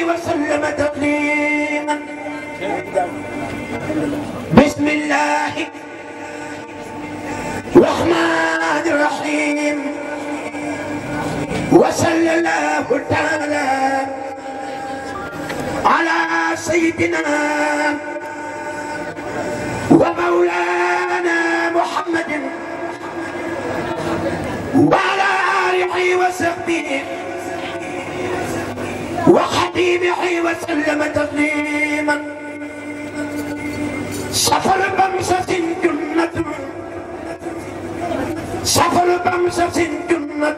عليه وسلم تسليما بسم الله الرحمن الرحيم وصلى الله تعالى على سيدنا ومولانا محمد وعلى آله وصحبه وحبيبي وسلم تسليما سفر بمسة جنة سفر بمسة جنة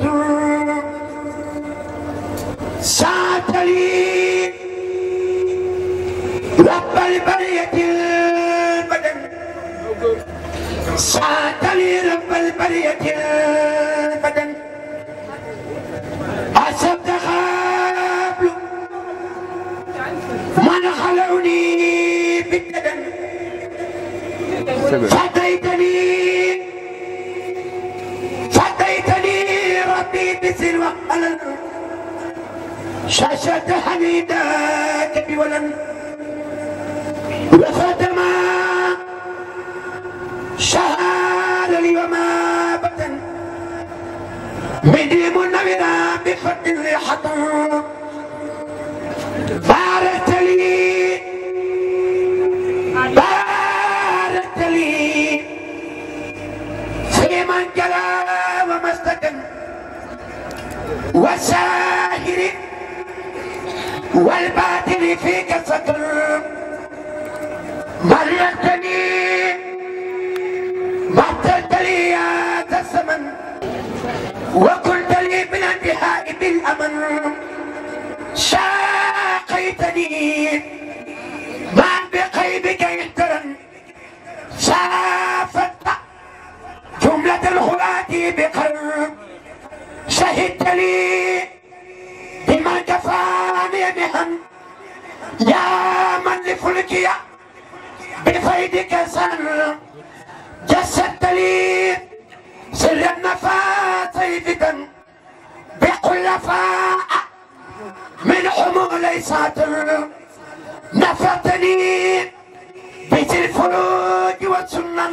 ساتلي لي رب البرية البدن ساتلي لي رب البرية البدن أسبتها من خلوني بالندم فديتني فديتني ربي بسلوى ألن شاشة حميدك بولن وخدما شهادة لي وما بتن من دي منورة بفرد ريحة باركت لي باركت لي سليمان جلا ومستكن والساهر والباطل فيك سكن ملكتني مطلت لي يا الزمن وقلت لي من انتهاء بالامن ساقيتني ما بقيدك يحترم شافت جملة الخلاة بقلب شهدت لي بما جفاني بهم يا من لفلكي بفيدك سر جسدت لي سر النفاس سيدك بقلفاء من حمولي ساتر نفرتني بيت الفروج والسنن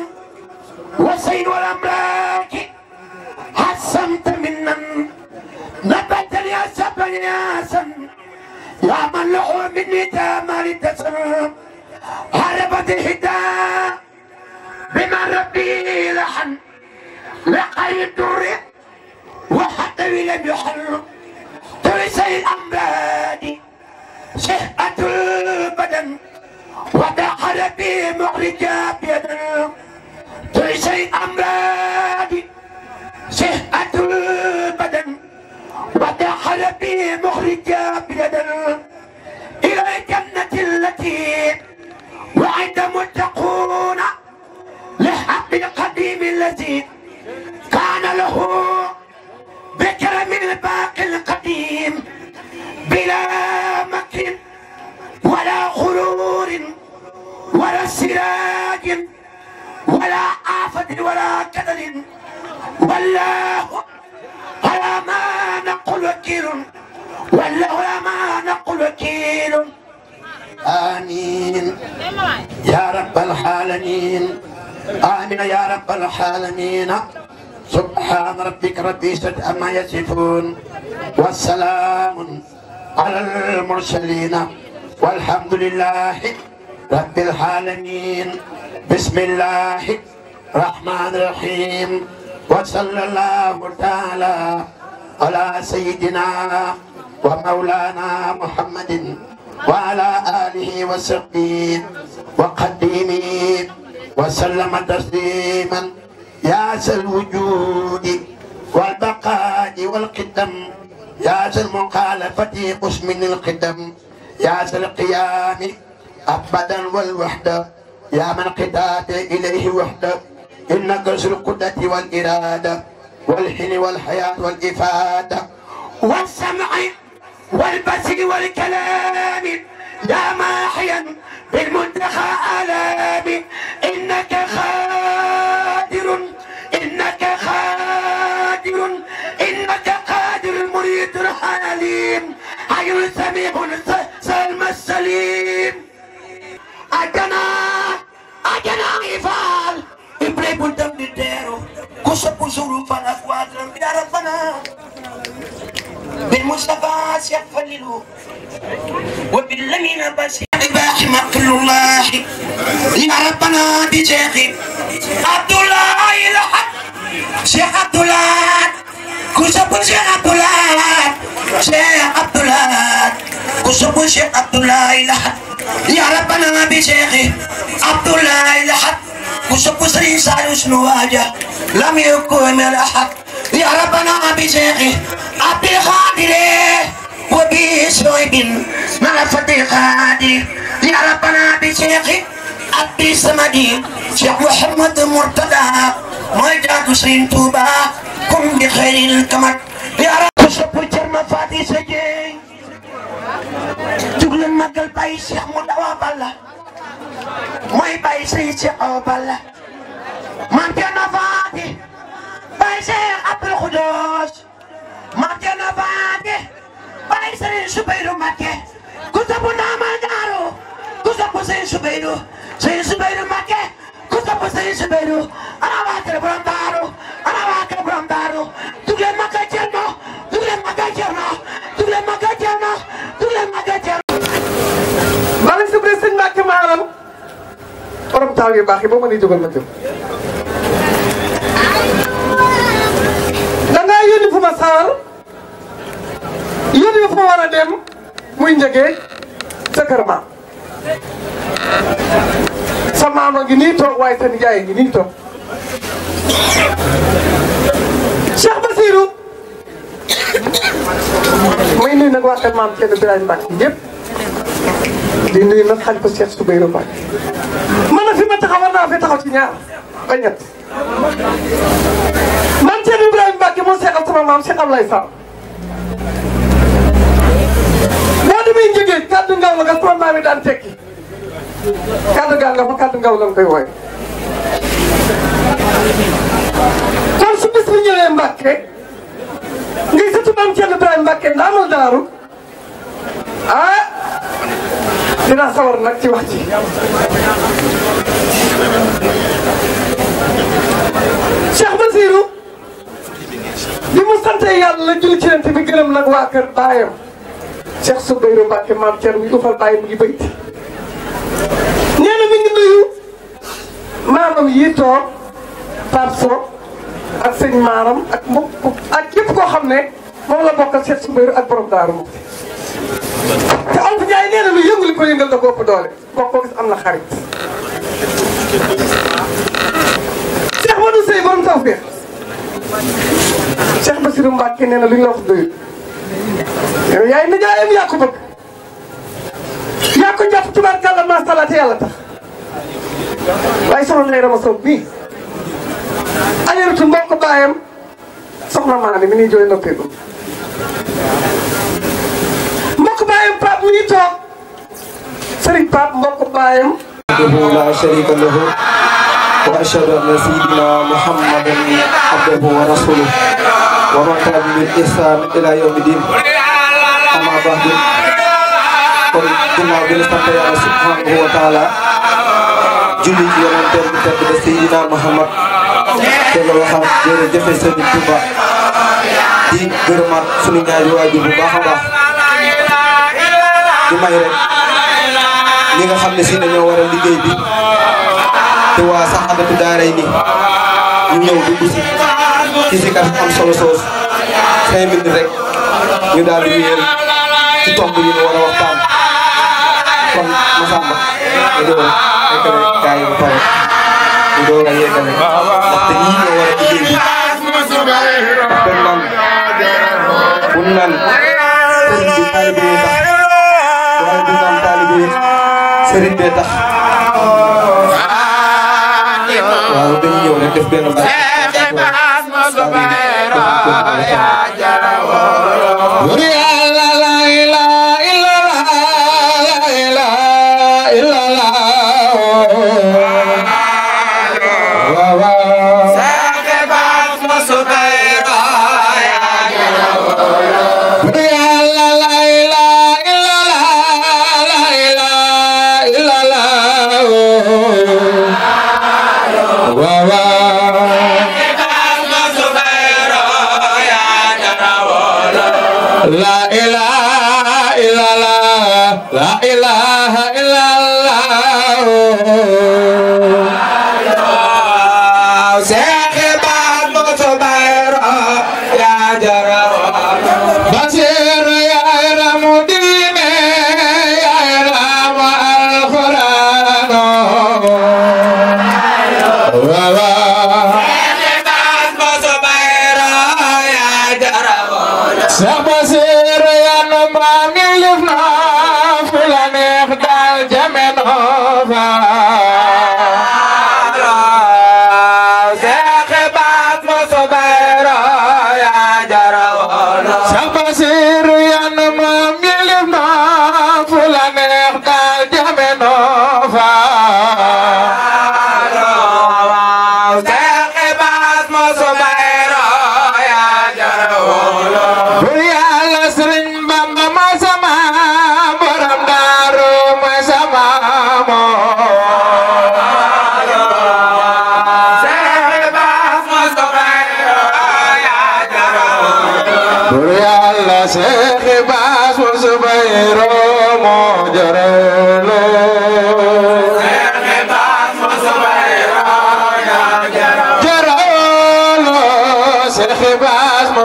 وسين والأملاك حسنت منن نبتني يا سبن يا سن من لحو مني مالي تسر هربت الهداء بما ربي لحن لقيت الدر وحتى لم يحرم وليس الأمراض صحة البدن وتحر به مخرج بيدن وليس الأمراض صحة البدن مخرج إلى الجنة التي وعد متقون لحق القديم الذي كان له بكرم الباقي القديم بلا مكن ولا غرور ولا سراج ولا آفة ولا كدر والله على ما نقول وكيل والله على ما نقول وكيل آمين يا رب العالمين آمين يا رب العالمين سبحان ربك رب العزة عما يصفون والسلام على المرسلين والحمد لله رب العالمين بسم الله الرحمن الرحيم وصلى الله تعالى على سيدنا ومولانا محمد وعلى آله وصحبه وقديمه وسلم تسليما يا ذا الوجود والبقاء والقدم يا ذا المخالفة قسم القدم يا ذا القيام أبدا والوحدة يا من قداد إليه وحدة إنك ذو القدرة والإرادة والحين والحياة والإفادة والسمع والبصر والكلام يا ماحيا بالمنتخى آلامي إنك خالق سميع سميع سلم السليم أجنا أجنا إفعال إبلي بنتم ديرو كسب زور فنا فوادر يا ربنا بالمصطفى سيفللو وبالذين بس إباحي مقل الله يا ربنا بجاهي عبد الله الحق شيخ عبد الله كسب شيخ عبد الله شيخ عبد الله كسب شيخ عبد الله لحد يا ربنا بشيخي عبد الله لحد كسب سري سالوس نواجه لم يكن الأحد يا ربنا بشيخي عبد القادر وبي شعيب معرفة القادر يا ربنا بشيخي عبد الصمد شيخ محمد مرتضى ما جاك سرين توبا كن بخير الكمر يا رب soppu Cerno Faati sa jeey jug leen màggal bàyyi Cheikh mu dawa balla mooy bàyyi say Cheikh awa balla maam Cerno Faati bàyyi Cheikh Abdul Xudoos maam Cerno Faati bàyyi Sëriñ Subayru Mbakke ku soppu naama daaru ku soppu Sëriñ Subayru Sëriñ Subayru Mbakke ku soppu Sëriñ Subayru ana waa kër borom daaru ana waa kër borom daaru jug sëñ Mbàkke orang tahu taaw ya, yu baax yi macam mën a jógal ma jóg dangaa yónni fu ma saar yónni iya, fu ma war a dem Mau njëgee sa kër maam sa maama ngi nii di nuyu nag xalifa Cheikh Soubayrou Mbacké man nag fi ma taxaw war naa fi taxaw ci ñaar ba ñett man Cheikh Ibrahima sama maam Cheikh Ablaye Fall boo demee njëgee kàddu ngaw la nga sama maam yi daan tekki kàddu gaa nga fa kàddu ngaw la nga koy wooye kon su bis ah dinaa sawar nag ci wax ci Cheikh Basirou li mu santee yàlla julli ci yonent bi gërëm nag waa kër baayam Cheikh Soubeyru Mbacke maam Thierno mi ufal baay mu ngi bëyti nee na mi ngi nuyu maamam yi toog Pape ak sëñ maaram ak mbokk ak képp koo xam ne moom la bokkal Cheikh Soubeyru ak borom Daaru te Alpha Ndiaye nee na lu yëngu li ko yëngal da doole kooku koo am na xarit. Cheikh Modou Seye borom tawfeex Cheikh Bassirou Mbacke nee na lu ñu la wax doyul yow yaay nijaayam yaa ko bëgg yaa ko jàpp tubaarkàlla macha allah te yàlla tax waaye soxna Ndeye Rama Sow bii Aliou Touba mbokk baayam soxna maanaam mi ngi jooy noppeeku. bàyyam Pape mi ngi toog Serigne Pape mbokk bàyyam abduhu la sharika lahu wa ashhadu anna sayyidina muhammadan abduhu wa rasuluhu wa man tabi'ahum bi ihsan ila yawmi din amma ba'du kon ginnaaw bi la sant yàlla subhanahu wa taala julli ci yonenteem bu tedd ba sayyidina muhammad te la waxam jërëjëf Serigne Touba di gërëmaat sunu ñaari waajur bu baax a baax di may ñi nga xam ne si dañoo bi ni ñu ci am solo rek ñu di wéyal ci tomb yi ñu war waxtaan kon ma sàmba ñu door nekkale gaa yi ba pare ñu door a yeggale ndaxte ñii ñoo war a bi kon man bu nan sëriñ waaye du naan taalibe yi sëriñ bee tax waaw dañuy ñëw rek def benn baax waaw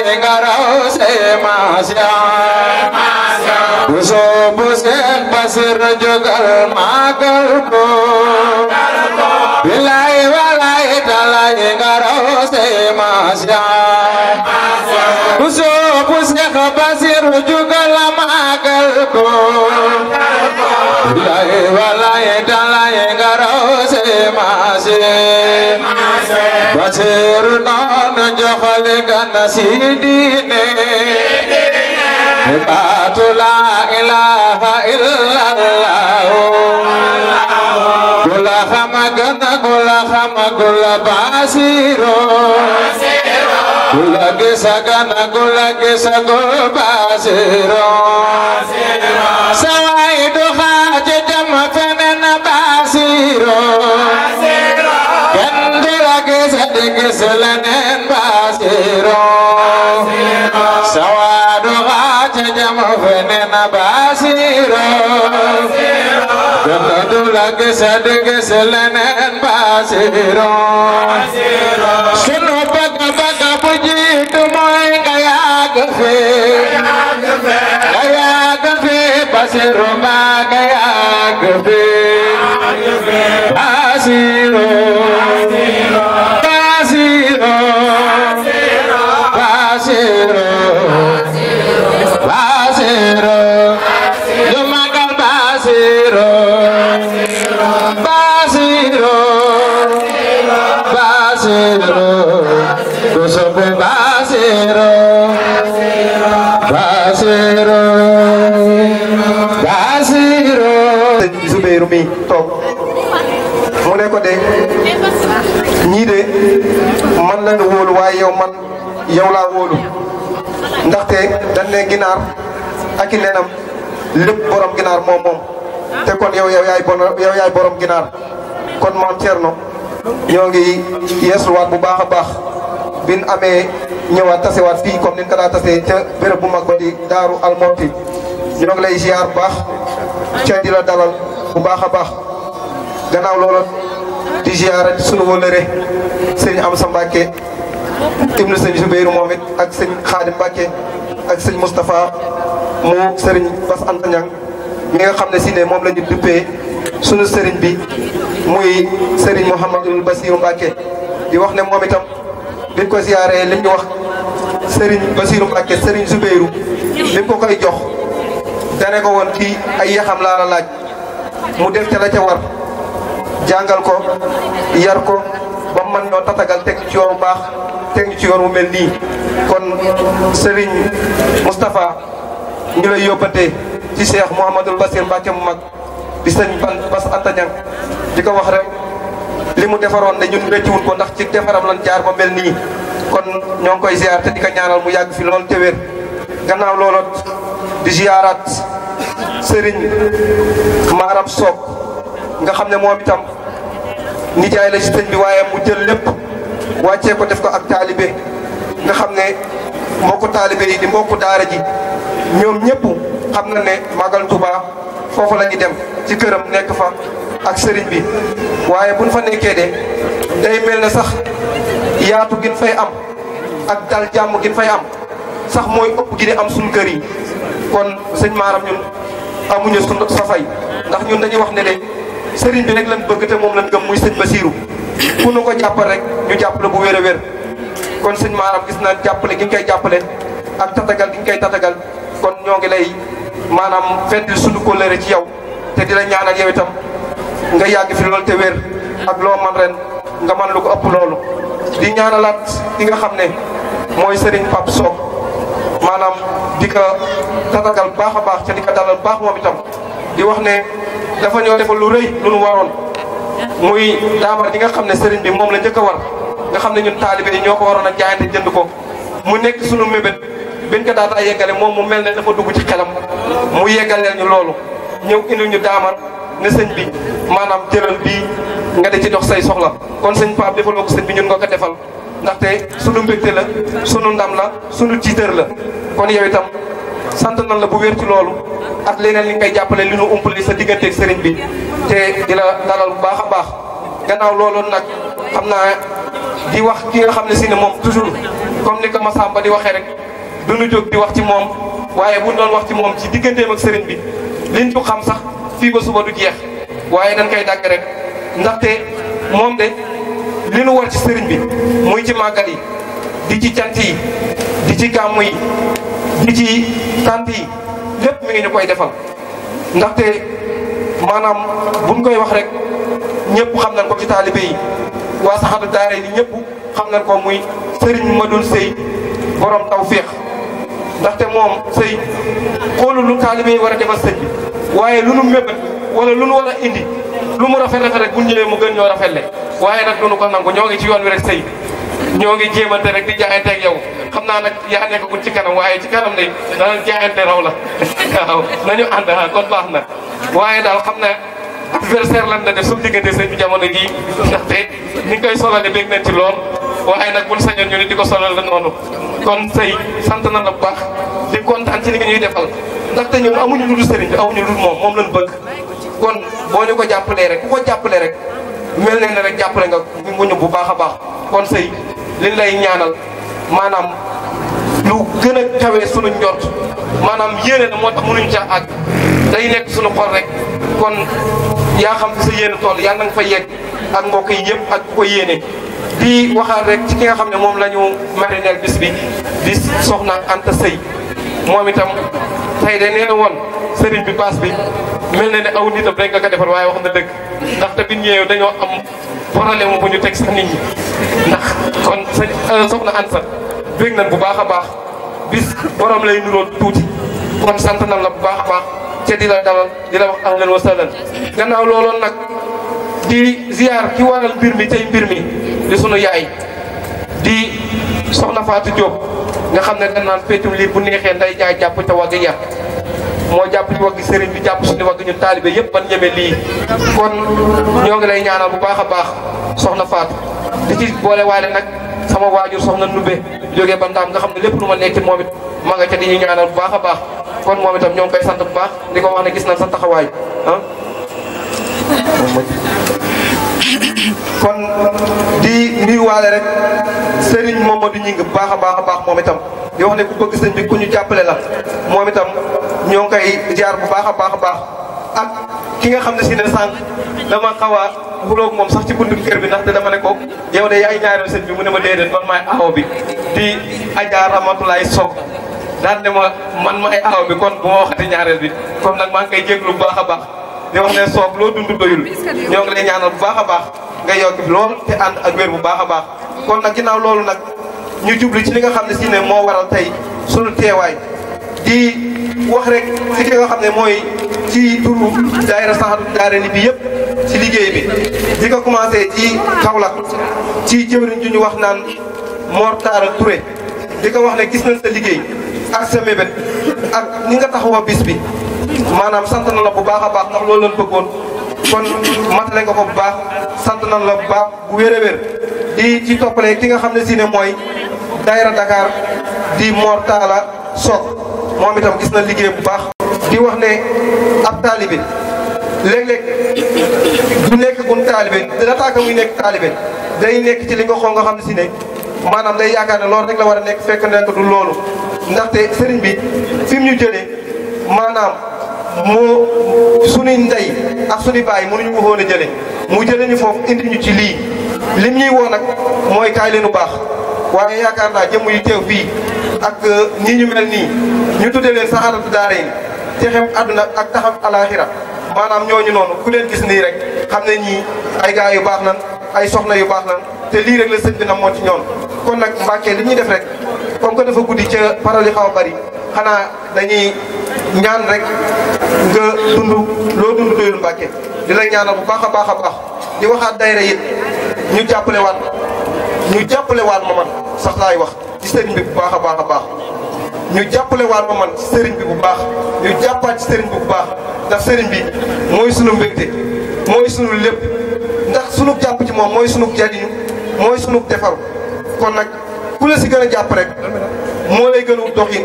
ye ngaraw se maasya bu soobu seen basir jogal maagal ko bilaay walaay talaay ngaraw se maasya bu soobu seen basir jogal maagal ko bilaay walaay talaay ngaraw se maasya basir baatu laa ilaaha illallah gula xama gana gula xama gula basiro gula gisa gana gula gisa gula basiro سلنين باسيرو سواد غاج جمفنين باسيرو جنة لك صدق سلنين باسيرو سنو بك بك بجيت موي غياغ في غياغ في باسيرو ما غياغ في باسيرو man la nga waaye yow man yow laa ndaxte dañ ne ginaar ak i nenam lépp borom ginaar moom moom te kon yow yaw yaay bon yow borom ginaar kon maam Thierno ñoo ngi yeesuwaat bu baax a baax bin amee ñëwaat tasewaat fii comme ni ko daa tasee ca béréb bu mag ba daaru almonti ñoo lay ziar bu baax ca di dalal bu baax a baax gannaaw loola di ziarat sunu wëlëre sëñ Amsa Mbacke ibnu sëñ Jubeyru moom it ak sëñ Xaadim Mbacke ak sëñ Moustapha mu sëriñ Bass Anta Niang mi nga xam ne si ne moom la ñu duppee sunu sëriñ bi muy sëriñ Mouhamadul Basiru Mbacke di wax ne moom itam biñ ko siyaaree li ñu wax sëriñ Basiru Mbacke sëriñ Jubeyru li ko koy jox dane ko woon kii ay yaxam laa la laaj mu def ca war jàngal ko yar ko man ñoo tatagal teg ñu ci yoon bu baax teg ñu ci yoon bu mel nii kon sëriñ Moustapha ñu lay yóbbatee ci Cheikh Mouhamadul Basir Mbacke mu mag di sëñ Ban Bas Antaña di ko wax rek li mu defaroon ne ñun rëccuwul ko ndax ci defaram lan jaar ba mel nii kon ñoo ngi koy ziar te di ko ñaanal mu yàgg fi lool te wér gannaaw loolot di ziaraat Serigne Maram nga xam ne moom itam. nijaay la ci sëñ bi waaye mu jël lépp wàccee ko def ko ak taalibe nga xam ne mbokku taalibe yi di mbokku daara ji ñoom ñëpp xam na ne Magal Touba foofu la ñu dem ci këram nekk fa ak sëriñ bi waaye buñ fa nekkee de day mel ne sax yaatu gin fay am ak dal jàmm gin fay am sax mooy ëpp gi am suñ kër yi kon sëñ maanam ñun amuñu suñ sa fay ndax ñun dañuy wax ne de sëriñ bi rek lan bëgg te moom lan gëm muy sëñ Basiiru ku nu ko jàppal rek ñu jàppale bu wér a wér kon sëñ maaram gis naan jàppale ki nga koy jàppale ak tatagal gi nga koy tatagal kon ñoo ngi lay maanaam fendil suñu kóllëre ci yow te di la ñaanal yow itam nga yàgg fi loolu te wér ak loo man ren nga man lu ko ëpp loolu di ñaanalaat ki nga xam ne mooy sëriñ Pape Sock maanaam di ko tatagal baax a baax te di ko dalal baax moom itam di wax ne dafa ñoo defal lu rëy lu nu waroon muy daamar di nga xam ne sëriñ bi moom la njëkk a war nga xam ne ñun taalibe yi ñoo ko waroon a jaayante jënd ko mu nekk sunu mébét biñ ko daata yeggale moom mu mel ne dafa dugg ci xelam mu yeggaleel ñu loolu ñëw indil ñu daamar ne sëñ bi maanaam jëral bi nga di ci dox say soxla kon sëñ Pape defaloo ko sëñ bi ñun nga ko defal ndaxte sunu mbégte la sunu ndam la sunu tiitër la kon yow itam sant nan la bu wér ci loolu ak leneen li ngay jàppale li nu umpali sa digganteeg sëriñ bi te di la dalal baax a baax gannaaw loolu nag xam naa di wax ki nga xam ne si ne moom toujours comme ni ko Massamba di waxee rek du ñu jóg di wax ci moom waaye bu ñu doon wax ci moom ci digganteem ak sëriñ bi liñ ci xam sax fii ba suba du jeex waaye dañ koy dàgg rek ndaxte moom de li nu war ci sëriñ bi muy ci màggal yi di ci cant yi di ci gàmm yi nit yi tant yi lépp mi ngi ñu koy defal ndaxte maanaam buñ koy wax rek ñëpp xam na ko ci taalibe yi waa saxaatu daara yi ñëpp xam nañ ko muy Serigne Madoune Seye borom tawféex ndaxte moom sëy xoolu lu taalibe yi war a defal sëñ bi waaye lu nu mébét lu nu war indi lu mu rafet rafet rek bu ñëwee mu gën ñoo rafetle waaye nag du nu ko nangu ñoo ngi ci yoon wi rek sëy ñoo ngi jéemante rek di jaayante ak yow xam naa nag yaa nekkagul ci kanam waaye ci kanam de dana jaayante raw la waaw nañu ànd ah kon baax na waaye daal xam na adversaire lan la def suñu diggante sëñ jamono jii ndaxte ni koy solale bég nañ ci lool waaye nag buñ sañoon ñu ne di ko solal la noonu kon tey sant na la bu baax di kontaan ci li ñuy defal ndaxte ñun amuñu lu dul sëriñ bi amuñu lu dul moom moom lañ bëgg kon boo ñu ko jàppalee rek ku ko jàppalee rek mel ne ne rek jàppale nga ñu bu baax a baax kon sëy li lay ñaanal maanaam lu gën a kawe sunu njort maanaam yéene la moo tax mënuñ ca ak day nekk sunu xol rek kon yaa xam sa yéene tool yàlla na fa yegg ak mbokk yi yëpp ak ku ko yéene. di waxaat rek ci ki nga xam ne moom la ñu marineel bis bi di soxna Anta Sëy moom itam tey de nee na woon sëriñ bi baas bi mel na ne aw nitam rek nga ko defar waaye wax na dëgg ndax te bi ñëwee dañoo am. problème bu ñu teg sax nit ñi ndax kon sa euh, soxna Anta bég nañ bu baax a baax bis borom lay nuróo tuuti kon sant na la bu baax a baax ca di la dalal di la wax ahlan wa sahlan gannaaw looloon nag di ziar ki waral mbir mi tey mbir mi di sunu yaay di soxna Fatou Diop nga xam ne dañ naan féetum lii bu neexee nday jaay jàpp ca wàgg yàq moo jàpp ci wagg sëriñ bi jàpp suñu wagg ñu taalibe yëpp ban ñeme lii kon ñoo ngi lay ñaanal bu baax a baax soxna faat di ci boole waale nag sama waajur soxna Nubbe jógee ba Ndaam nga xam ne lépp lu ma nekk moom it ma nga ca ñu ñaanal bu baax a baax kon moom itam ñoo ngi koy sant bu baax di ko wax ne gis na sa taxawaay ah. kon di nuyuwaale rek Serigne Momadou Gningue baax a baax a baax moom itam di wax ne ku ñu jàppale la moom itam ñoo ngi koy jaar bu baax a baax a baax ak ki nga xam ne si ne sànq dama xaw a xuloog moom sax ci buntu kër bi ndaxte dama ne ko yow de yaay ñaareelu sëñ bi mu ne ma déedéet man maay aaw bi di Adja Ramatulaay Sock daan ne ma man maay aaw bi kon bu ma waxati ñaareel bi kon nag maa ngi koy jéglu bu baax a baax di wax ne Sock loo dund doyul ñoo ngi lay ñaanal bu baax a baax. nga yokk fi lool te ànd ak wér bu baax a baax kon nag ginnaaw loolu nag ñu jublu ci li nga xam ne si ne moo waral tey sunu teewaay di wax rek ci xam ne mooy ci turu daayira Saxaadu Daarayni bi yëpp ci liggéey bi di ko commencé ci Kaolack ci jëwriñ ju ñu wax naan Mor Talla Touré di ko wax ne gis nañ sa liggéey ak sa mébét ak ni nga taxawoo bis bi maanaam sant na la bu baax a baax ndax loolu lañ bëggoon. kon matale nga ko bu baax sant na la bu baax bu wér a wér di ci toppale ki nga xam ne si ne mooy daayira Dakar di Mor Talla Sock moom itam gis na liggéey bu baax. di wax ne ab taalibe léeg-léeg du nekk gun taalibe dina tàkk muy nekk taalibe day nekk ci li nga xool nga xam ne si ne maanaam day yaakaar ne loolu rek la war a nekk fekk nekk du loolu ndaxte sëriñ bi fi mu ñu jëlee maanaam. mu suñuy ndey ak suñu baay mënuñu ko woon a jële mu jële ñu foofu indi ñu ci lii lim ñuy woo nag mooy kaay leenu baax waaye yaakaar naa jëmm yu teew fii ak nii euh, ñu mel nii ñu tuddee leen saxaaratu daara yi texem adduna ak taxam alaaxira maanaam ñooñu noonu ku leen gis nii rek xam ne ñii ay gaa yu baax nan ay soxna yu baax nan te lii rek la sëñ bi na moo ci ñoon kon nag Mbàkke li ñuy def rek comme que dafa guddi ca parole yi xaw a bari xanaa dañuy ñaan rek nga dund loo dund doyul Mbàkke di la ñaanal bu baax a baax a baax di waxaat dayre it ñu jàppale waat ñu jàppale waat ma man sax laay wax ci sëriñ bi bu baax a baax a baax ñu jàppale ma man ci sëriñ bi bu baax ñu jàppaat ci sëriñ bi bu baax ndax sëriñ bi mooy sunu mbégte mooy sunu lépp ndax sunu jàpp ci moom mooy sunu jariñu mooy sunu defaru kon nag ku la si gën a jàpp rek moo lay gën a doxin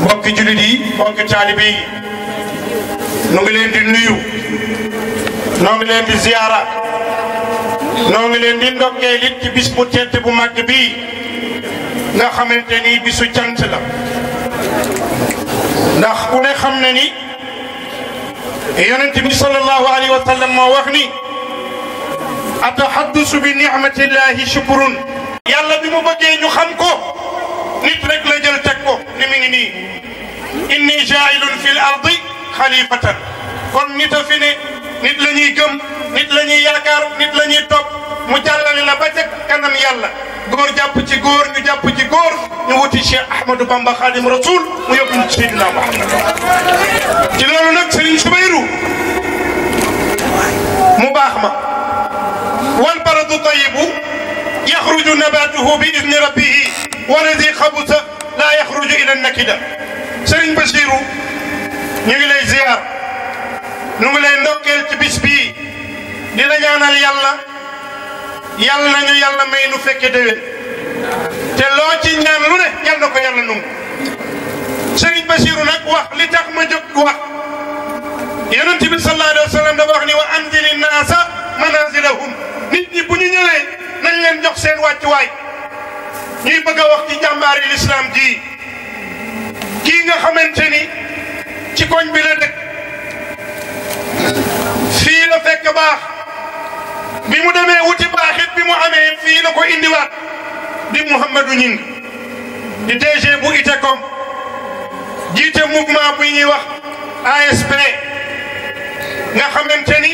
mbokk julit yi mbokk talib yi nu ngi leen di nuyu noo ngi leen di ziyaara noo ngi leen di ndokkeel lit ci bis bu tedd bu màgg bii nga xamante ni bisu cant la ndax ku ne xam na ni yonent bi sallallahu alayhi wa sallam moo wax ni ataxaddusu bi nicmatillahi shukurun yàlla bi mu bëggee ñu xam ko nit rek la اعينني اني جاعل في الارض خليفه كون نيت في ني نيت لا ني گم نيت لا ني ياكار نيت لا ني توب مو جالاني لا باتك كانم يالا غور جاب سي غور ني جاب سي غور ني ووتي شي احمد بامبا خادم رسول مو يوبن سيدنا محمد كي لولو نك سيرين شبيرو مباخما والبرد طيبو يخرج نباته باذن ربه والذي خبث لا يخرج الى النكده سرين بشيرو نيغلي زيار نيغلي نوكيل تبيس بي لينا جانال يالا يالا نيو يالا ماي نو فك دي تي لو تي نيان لو نه يالا كو يالا نوم سرين بشيرو نك واخ لي تخ ما جوك واخ يونتي بي صلى الله عليه وسلم دا واخ ني وانزل الناس منازلهم نيت ني بو ني نيوي nañ leen jox seen wàccuwaay ñuy bëgg a wax ci jàmbaari lislaam ji kii nga xamante ni ci koñ bi la dëkk fii la fekk baax bi mu demee wuti baaxit bi mu amee fii la ko indiwaat di Mouhamadou Ñing di DG bu ITECOM jiite mouvement bu ñuy wax ASP nga xamante ni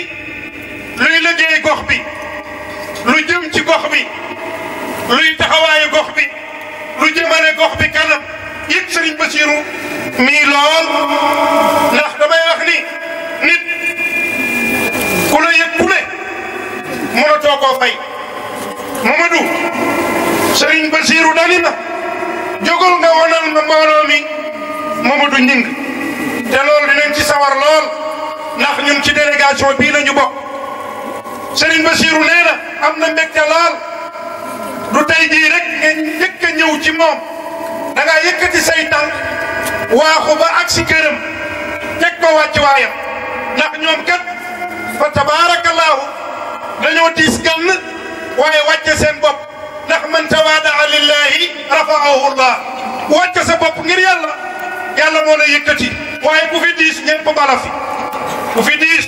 luy liggéey gox bi lu jëm ci gox bi luy taxawaayu gox bi lu jëmale gox bi kanam yëg Serigne Bassirou mii lool ndax damay wax ni nit ku la yëg ku ne mënatoo koo fay Mamadou Serigne Bassirou dani na jógal nga wonal ma mbooloo mi Mamadou Ngingue te loolu dinañ ci sawar lool ndax ñun ci délégation bii la ñu bokk. Serigne Bassirou nee na am na mbégte lool du tey jii rek nga njëkk a ñëw ci moom da ngaa yëkkati say tànk waaxu ba ak si këram ko wàcc waayam ndax ñoom kat fa tabaarakallaahu dañoo diis gann waaye wàcce seen bopp ndax man tawaadaa lillaahi rafaahu llah wàcce sa bopp ngir yàlla yàlla moo la yëkkati waaye bu fi diis ñëpp bala fi fi diis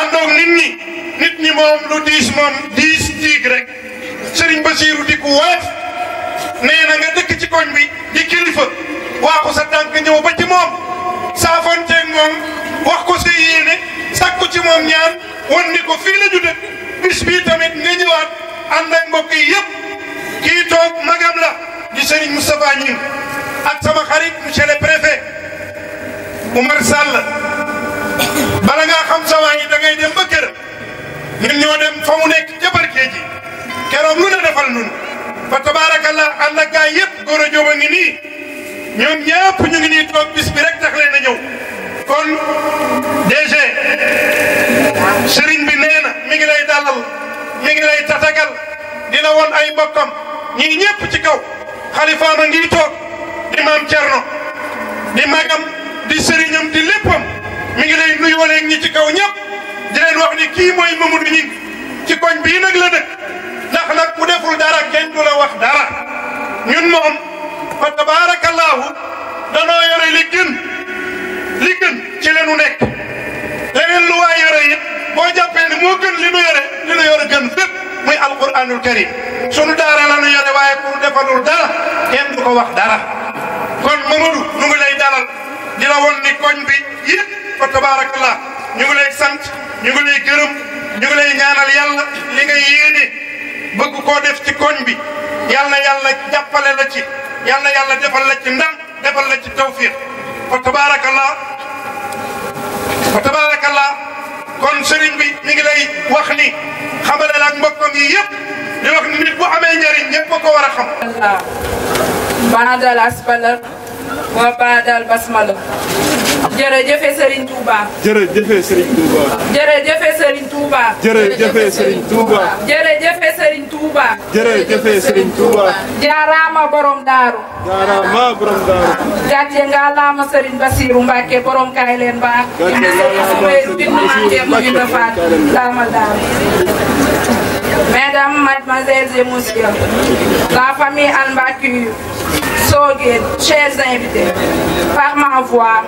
àndoog nit ñi nit ñi moom lu diis moom diis diig rek sëriñ Basiiru di ko woyof nee na nga dëkk ci koñ bi di kilifa ko sa tànk ñëw ba ci moom saafonteeg moom wax ko sa yéene sakku ci moom ñaan won ni ko fii la ju dëkk bis bii tamit nga ñëwaat ànd ak mbokk yi yëpp kii toog magam la di sëriñ Moustapha ñin ak sama xarit monsieur le préfet Oumar Sall bala nga xam sa da ngay dem ba ñun ñoo dem fa mu nekk ca barkee ji keroog lu ne defal nun fa tabaarakallah ànd ak gaay yëpp góor a jóoba ngi nii ñoom ñëpp ñu ngi nii toog bis bi rek tax leen a ñëw kon DG sëriñ bi nee mi ngi lay dalal mi ngi lay tatagal di la won ay mbokkam ñii ñëpp ci kaw xalifaama ngi toog di maam Cerno di magam di sëriñam di léppam mi ngi lay nuyooleeg ñi ci kaw ñëpp di leen wax ni kii mooy Mamadou Ñing ci koñ bii nag la dëkk ndax nag ku deful dara kenn du la wax dara ñun moom fa tabaarakallaahu danoo yore li gën li gën ci leenu nekk leneen lu waa yore it boo jàppee ni moo gën li nu yore li nu yore gën fépp muy alquranul karim sunu daara la nu yore waaye ku nu defalul dara kenn du ko wax dara kon Mamadou nu ngi lay dalal di la won ni koñ bi yëpp fa tabaarakallah ñu ngi lay sant ñu ngi lay gërëm ñu ngi lay ñaanal yàlla li nga yéene bëgg koo def ci koñ bi yàlla yàlla jàppale la ci yàlla yàlla defal la ci ndam defal la ci tawfiq fa tabaarakallah fa tabaarakallah kon sëriñ bi mi ngi lay wax ni xamale la ak mbokkam yi yëpp di wax ni nit bu amee njëriñ ñëpp ko war a xam. baadal asbala wa baadal basmala jërëjëf Serigne Touba. jërëjëf Serigne Touba. jërëjëf Serigne Touba. jërëjëf Serigne Touba. jërëjëf Serigne Touba. jërëjëf Serigne Touba. jaaraama borom daaru. jaaraama borom daaru. gàcce nga laama Serigne Bassirou Mbacke borom kaay leen baax. gàcce nga laama Serigne la famille Al Mbacké Soguen, chers invités, par ma voix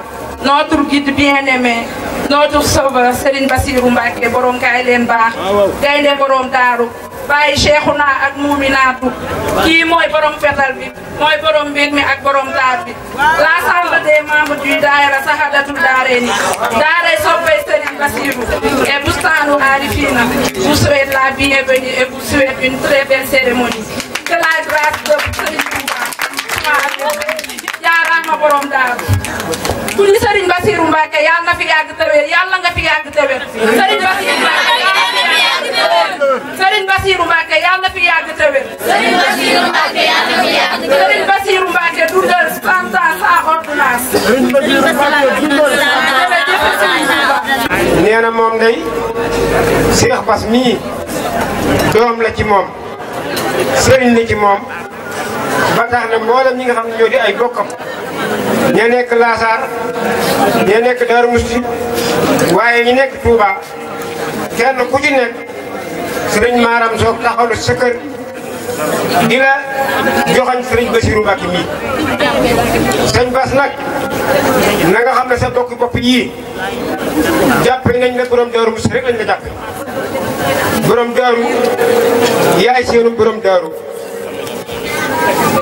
notre guide bien-aimé notre sauveur Serigne Bassirou Mbake, borom kaay leen baax ah, gaynde borom daaru bàyyi Cheikhouna ak Mouminatou kii moi borom fetal bi borom mbir et ak borom taar bi l'ensemble des membres du Daïra Sahadatou Dareni, daaray Sopé Serigne Bassirou et Boustaanou Arifina vous souhaite la bienvenue et vous souhaite une très belle cérémonie que la grâce de jaaraama borom daaru suñu Serigne Bassirou Mbacke yàlla na fi yàgg te wér yàlla nga fi yàgg te wér Serigne Bassirou Mbacke yàlla na fi yàgg te wér Serigne Bassirou Mbacke yàlla na fi yàgg te wér Serigne Bassirou Mbacke yàlla na fi yàgg te wér Serigne Bassirou Mbacke dundal cent ans sans ordonnance Serigne Bassirou Mbacke dundal nee na moom day Cheikh Bass mii doom la ci moom Serigne la ci moom ba tax na mbolam ñi nga xamni ne ñoo di ay bokkam ñe nek lasar ñe nek dar Musti waye ñi nek Touba kenn ku ci nek serigne maram so taxalu sa kër di la joxañ sëriñ Basiru Mbàkke mii sëñ Bas na nga xamne sa bokk bop yi jàppe nañ la borom daru Musti rek lañ la jàppe borom daru yaay seenu borom daru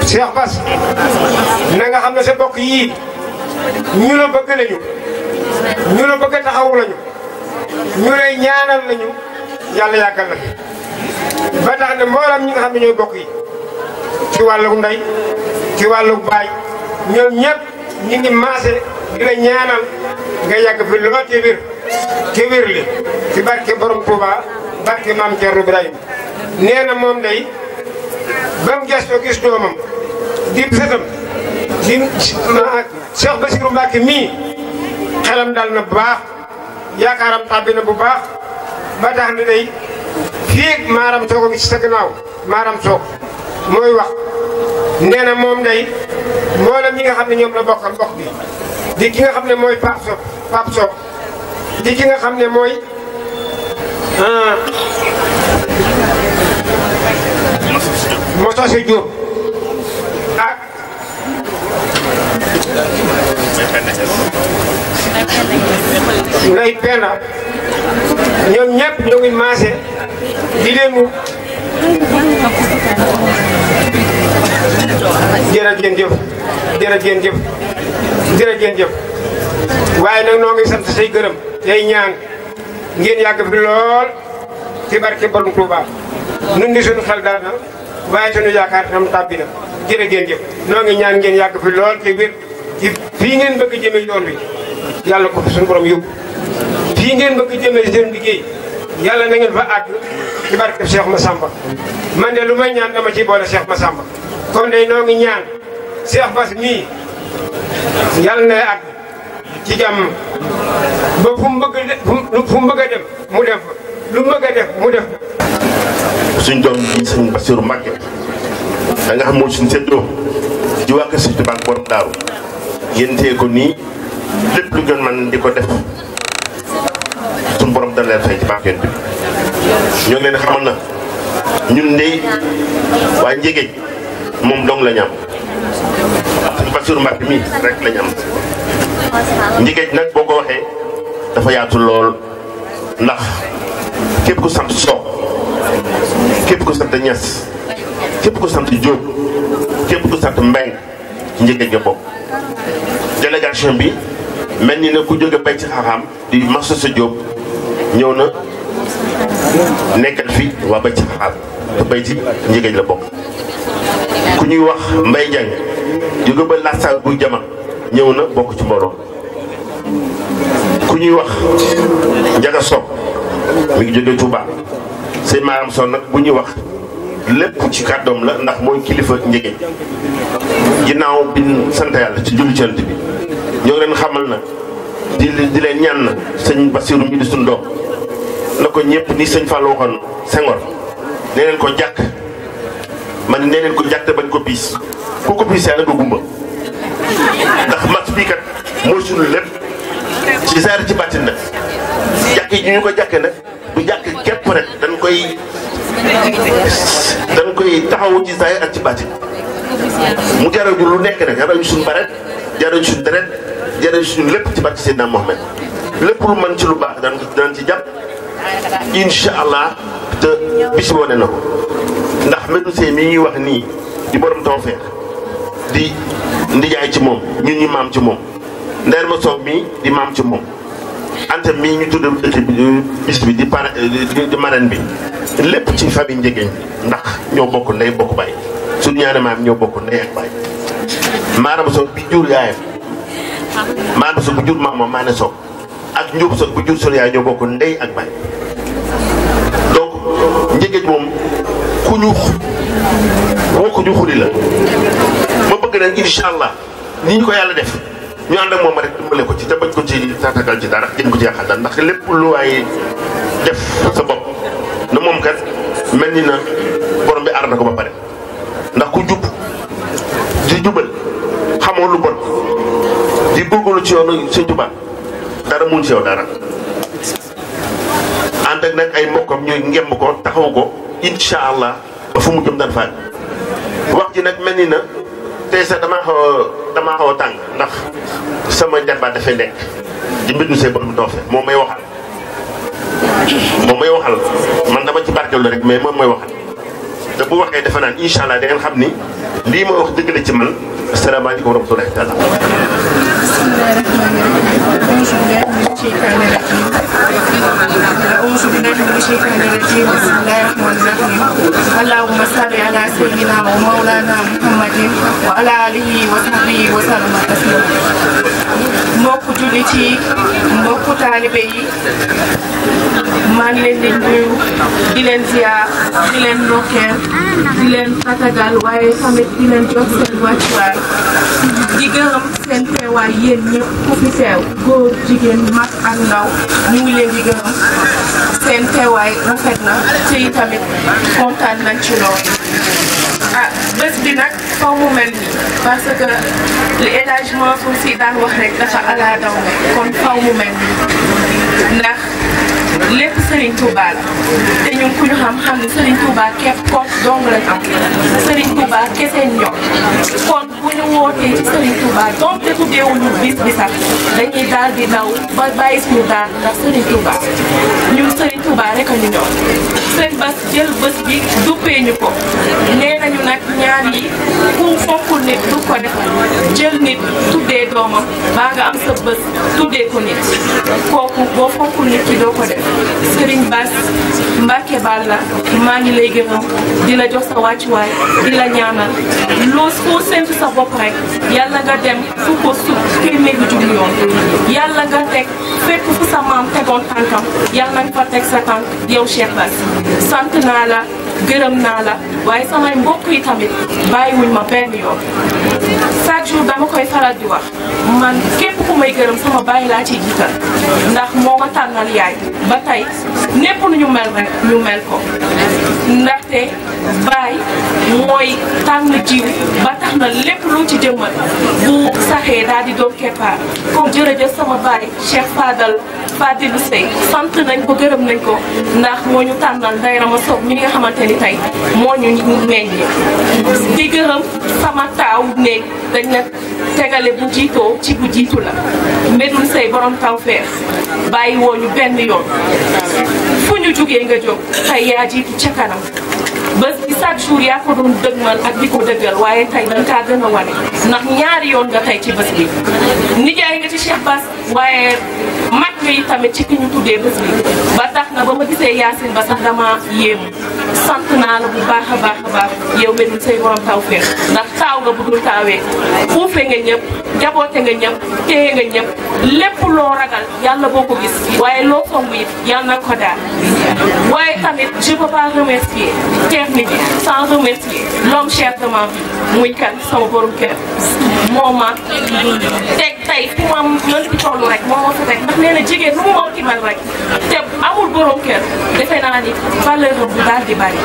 Cheikh Bass na nga xam ne sa bokk yii ñu la bëgg lañu ñu la bëgg taxaw lañu ñu lay ñaanal lañu yàlla yàggal la ba tax ne mboolam ñi nga xam ne bokk yi ci wàllu ndey ci wàllu baay ñoom ngi di la ñaanal nga fi lu ma li ci barke borom Touba barke maam Thierno Ibrahima nee day ba mu gëstoo gis doomam di sëtam di Cheikh Bassirou Mbacke mii xelam dal na bu baax yaakaaram tàbbi na bu baax ba tax na day fii maaram soog a ngi maaram soog mooy wax nee na moom day mboolem ñi nga xam ne ñoom la am mbokk bi di ki nga xam ne mooy Pape Sow Pape Sow di ki nga xam ne mooy. Ah, Socé Diop ak ah. Ndeye Penda ñoom ñëpp ñoo ngi maase di leen mu jërëjëf jërëjëf jërëjëf waaye nag noo ngi sant say gërëm day ñaan ngeen yàgg fi lool ci barke Borom Touba nun ni suñu xel waaye sunu yaakaar itam tàbbi na jërë ngeen jëf noo ngi ñaan ngeen yàgg fi lool te wér ci fii ngeen bëgg jëme yoon wi yàlla ko fi suñu borom yóbbu fii ngeen bëgg jëme seen liggéey yàlla na ngeen fa àgg ci barke Cheikh Massamba man de lu may ñaan dama ciy boole Cheikh Massamba kon day noo ngi ñaan Cheikh Bass mii yàlla na àgg ci jàmm ba fu mu bëgg mu bëgg lu mag a def mu def. suñ doom yi sëñ Bassirou Mbacké da nga xam moo suñ seddoo di wàkk si di bànq borom daaru yéntee ko nii lépp lu gën man di ko def suñ borom dana leen fay bi ñoo ngi leen na ñun ndey waa njégéej moom dong la ñu am suñ Bassirou Mbacké am njégéej nag boo ko waxee dafa yaatu lool ndax képp ku sant Sow képp ko sant Niass képp ko sant Diop képp ku sant Mbengue ci njëkk nga bokk délégation bi mel ni ne ku jóge bay ci xaxaam di Massa sa Diop ñëw na nekkal fi waa bay ci xaxaam te bay ci njëgéej la bokk ku ñuy wax mbay Ndiaye jóge ba Lassal bu jama ñëw na bokk ci mbooloo ku ñuy wax Ndiaga Sow mi ngi jógee Touba sëñ Maram nag bu ñuy wax lépp ci kàddoom la ndax mooy kilifa njëgeen ginnaaw bi sant yàlla ci julli cant bi ñoo ngi leen xamal na di di leen ñaan na sëñ Basiru mi di suñ doom na ko ñëpp ni sëñ Fall waxoon Senghor nee leen ko jàkk man nee leen ko jàkk te ko piis ku ko piis yàlla nga gumba ndax match bii kat mooy suñu lépp ci zaar ci bàttin nag jàkk ji ñu ko jàkkee nag du jàkk képp rek dañ koy dañ koy taxawu ci saay ak ci bàtti mu jaral ñu lu nekk nag jaral ñu suñu baret jaral ñu suñu deret jaral ñu suñu lépp ci barke Seydina Mohamed lépp lu mën ci lu baax daan daan ci jàpp incha allah te bis wane na ko ndax Ahmadou Seye mi ñuy wax nii di borom tawfeex di ndijaay ci moom ñun ñu maam ci moom ndeer ma soow mii di maam ci moom ante mii ñu tudd bis bi di par di marraine bi lépp ci famille njëgeñ ndax ñoo bokk ndey bokk baay suñu ñaari maam ñoo bokk ndey ak baay maanaam soog bi jur yaayam maanaam soog bu jur maam moom maanaam soog ak njóob soog bu jur sunu yaay ñoo bokk ndey ak baay donc njëgeñ moom ku ñu xu la ma bëgg nag incha allah ni ñu ko yàlla def. ñu ànd ak moom rek dimbale ko ci te bañ ko ci taatagal ci dara dañ ko ci yàqal daal ndax lépp lu waay def sa bopp na moom kat mel ni na borom bi aar na ko ba pare ndax ku jub di jubal xamoo lu bon di góorgóorlu ci yoonu Sëñ Tuubaa dara mun ci yow dara ànd ak nag ay mbokkam ñuy ngemb ko taxaw ko incha allah fu mu jëm daan faaj wax ji nag mel ni na tey sax damaa xaw a damaa xaw tàng ndax sama njaboot dafay nekk di mbir mi see borom doofe moom may waxal moom may waxal man dama ci barkeelu rek mais moom may waxal te bu waxee dafa naan incha allah da xam ni lii ma wax dëgg la ci man asalaamaaleykum wa rahmatulahi taala أعوذ بالله من الشيطان الرجيم بسم الله الرحمن الرحيم اللهم صل على سيدنا ومولانا محمد وعلى آله وصحبه وسلم تسليما mbokku jullit yi mbokku taalibe yi maa ngi leen di nuyu di leen ziar di leen ndokkeel di leen tatagal waaye tamit di leen jox seen wàccuwaay di gërëm seen teewaay yéen ñëpp ku fi góor jigéen mag ak ndaw ñu ngi leen di gërëm seen teewaay rafet na te itamit kontaan nañ ci lool ah, bi nag faw mel nii parce que li élagement fu si daan wax rek dafa ala daw kon faw mel nii ndax lépp Serigne Touba la te ñun ku ñu xam-xam ne Serigne Touba ke koom dong lañ am Serigne Touba kese ñor kon bu ñu wootee ci Serigne Touba donte tuddeewuñu bis bi sax dañuy daal di daw ba bàyyi suñu daal ndax Serigne Touba ñun Serigne Touba rek a ñu ñor seen bas jël bés bi duppee ñu ko nee nañu nag ñaar yi ku fonkul nit du ko defal jël nit tuddee doomam baa nga am sa bés nit kooku boo fonkul nit ki doo ko def Serigne Bass Mbacke la maa ngi lay gërëm di jox sa wàccuwaay di la ñaanal loo soo séntu sa bopp rekk yàlla nga dem fu ko suuf téeméer bi jug yàlla nga teg fépp fu sa maam tegoon tànkam yàlla nga fa teg sa tànk yow Cheikh Bass sant naa la gërëm naa la waaye samay mbokk yi tamit bàyyiwuñ ma benn yoon chaque jour dama koy faral di wax man képp ku may gërëm sama bàyyi laa ciy jiital ndax moo ma tànnal yaay ba tey népp nu ñu mel rek ñu mel ko ndaxte baay mooy tànn jiw ba tax na lépp lu ci jëmmal bu saxee daal di doon keppaar comme jërëjëf sama baay Cheikh Fadal Fadilou Sey sant nañ ko gërëm nañ ko ndax moo ñu tànnal Ndeye Rama Sow mi nga xamante ni tey moo ñu meññi di gërëm sama taaw néeg dañ na tegale bu jiitoo ci bu jiitu la Medoune Sey borom taw feex bàyyi woo ñu benn yoon julli jugee nga jóg tey yaa jiitu ca kanam bés bi chaque jour yaa ko doon dëgmal ak di ko dëggal waaye tey dañ kaa gën a wane ndax ñaari yoon nga tey ci bés bi nijaay nga ci Cheikh Bass waaye mag nga yi tamit ci ki ñu tuddee bés bi ba tax na ba ma gisee Yacine ba sax dama yéemu sant naa la bu baax a baax a baax yow mel ni say borom taw feex ndax taaw nga bu dul taawee fuufee nga ñëpp jaboote nga ñëpp téye nga ñëpp lépp loo ragal yàlla boo ko gis waaye loo ko it yàlla na ko daal waaye tamit je peux pas remercier technique bi sans remercier l'homme cher de ma muy kan sama borom moo ma teg tey fu ma mënti toll rek moo ma fi rek ndax nee na jigéen lu mu mënti mel rek te amul borom kër defe naa ni valeur bu daal di bari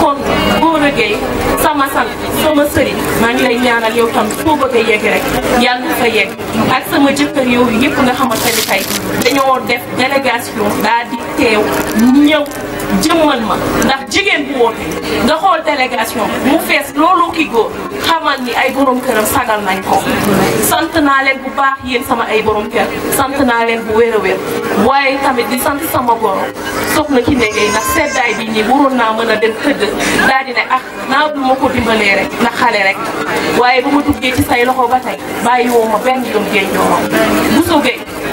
kon boo rëggee sama sant sama sëriñ maa ngi lay ñaanal yow tam foo bëgg a yegg rek yàlla na fa yegg ak sama jëkkër yow yëpp nga xamante ni tey dañoo def délégation daal di teew ñëw jëmmal ma ndax jigéen bu woote nga xool délégation mu fees loolu ki góor xamal ni ay borom këram sagal nañ ko sant naa leen bu baax yéen sama ay borom kër sant naa leen bu wér a wér waaye tamit di sant sama borom soxna ki ne ngay ndax seddaay bi nii waroon naa mën a dem tëdd daa di ne ah naa du ma ko dimbalee rek na xale rek waaye bu ma duggee ci say loxo ba tey bàyyi woo ma benn yoon géej ñoomam bu sogee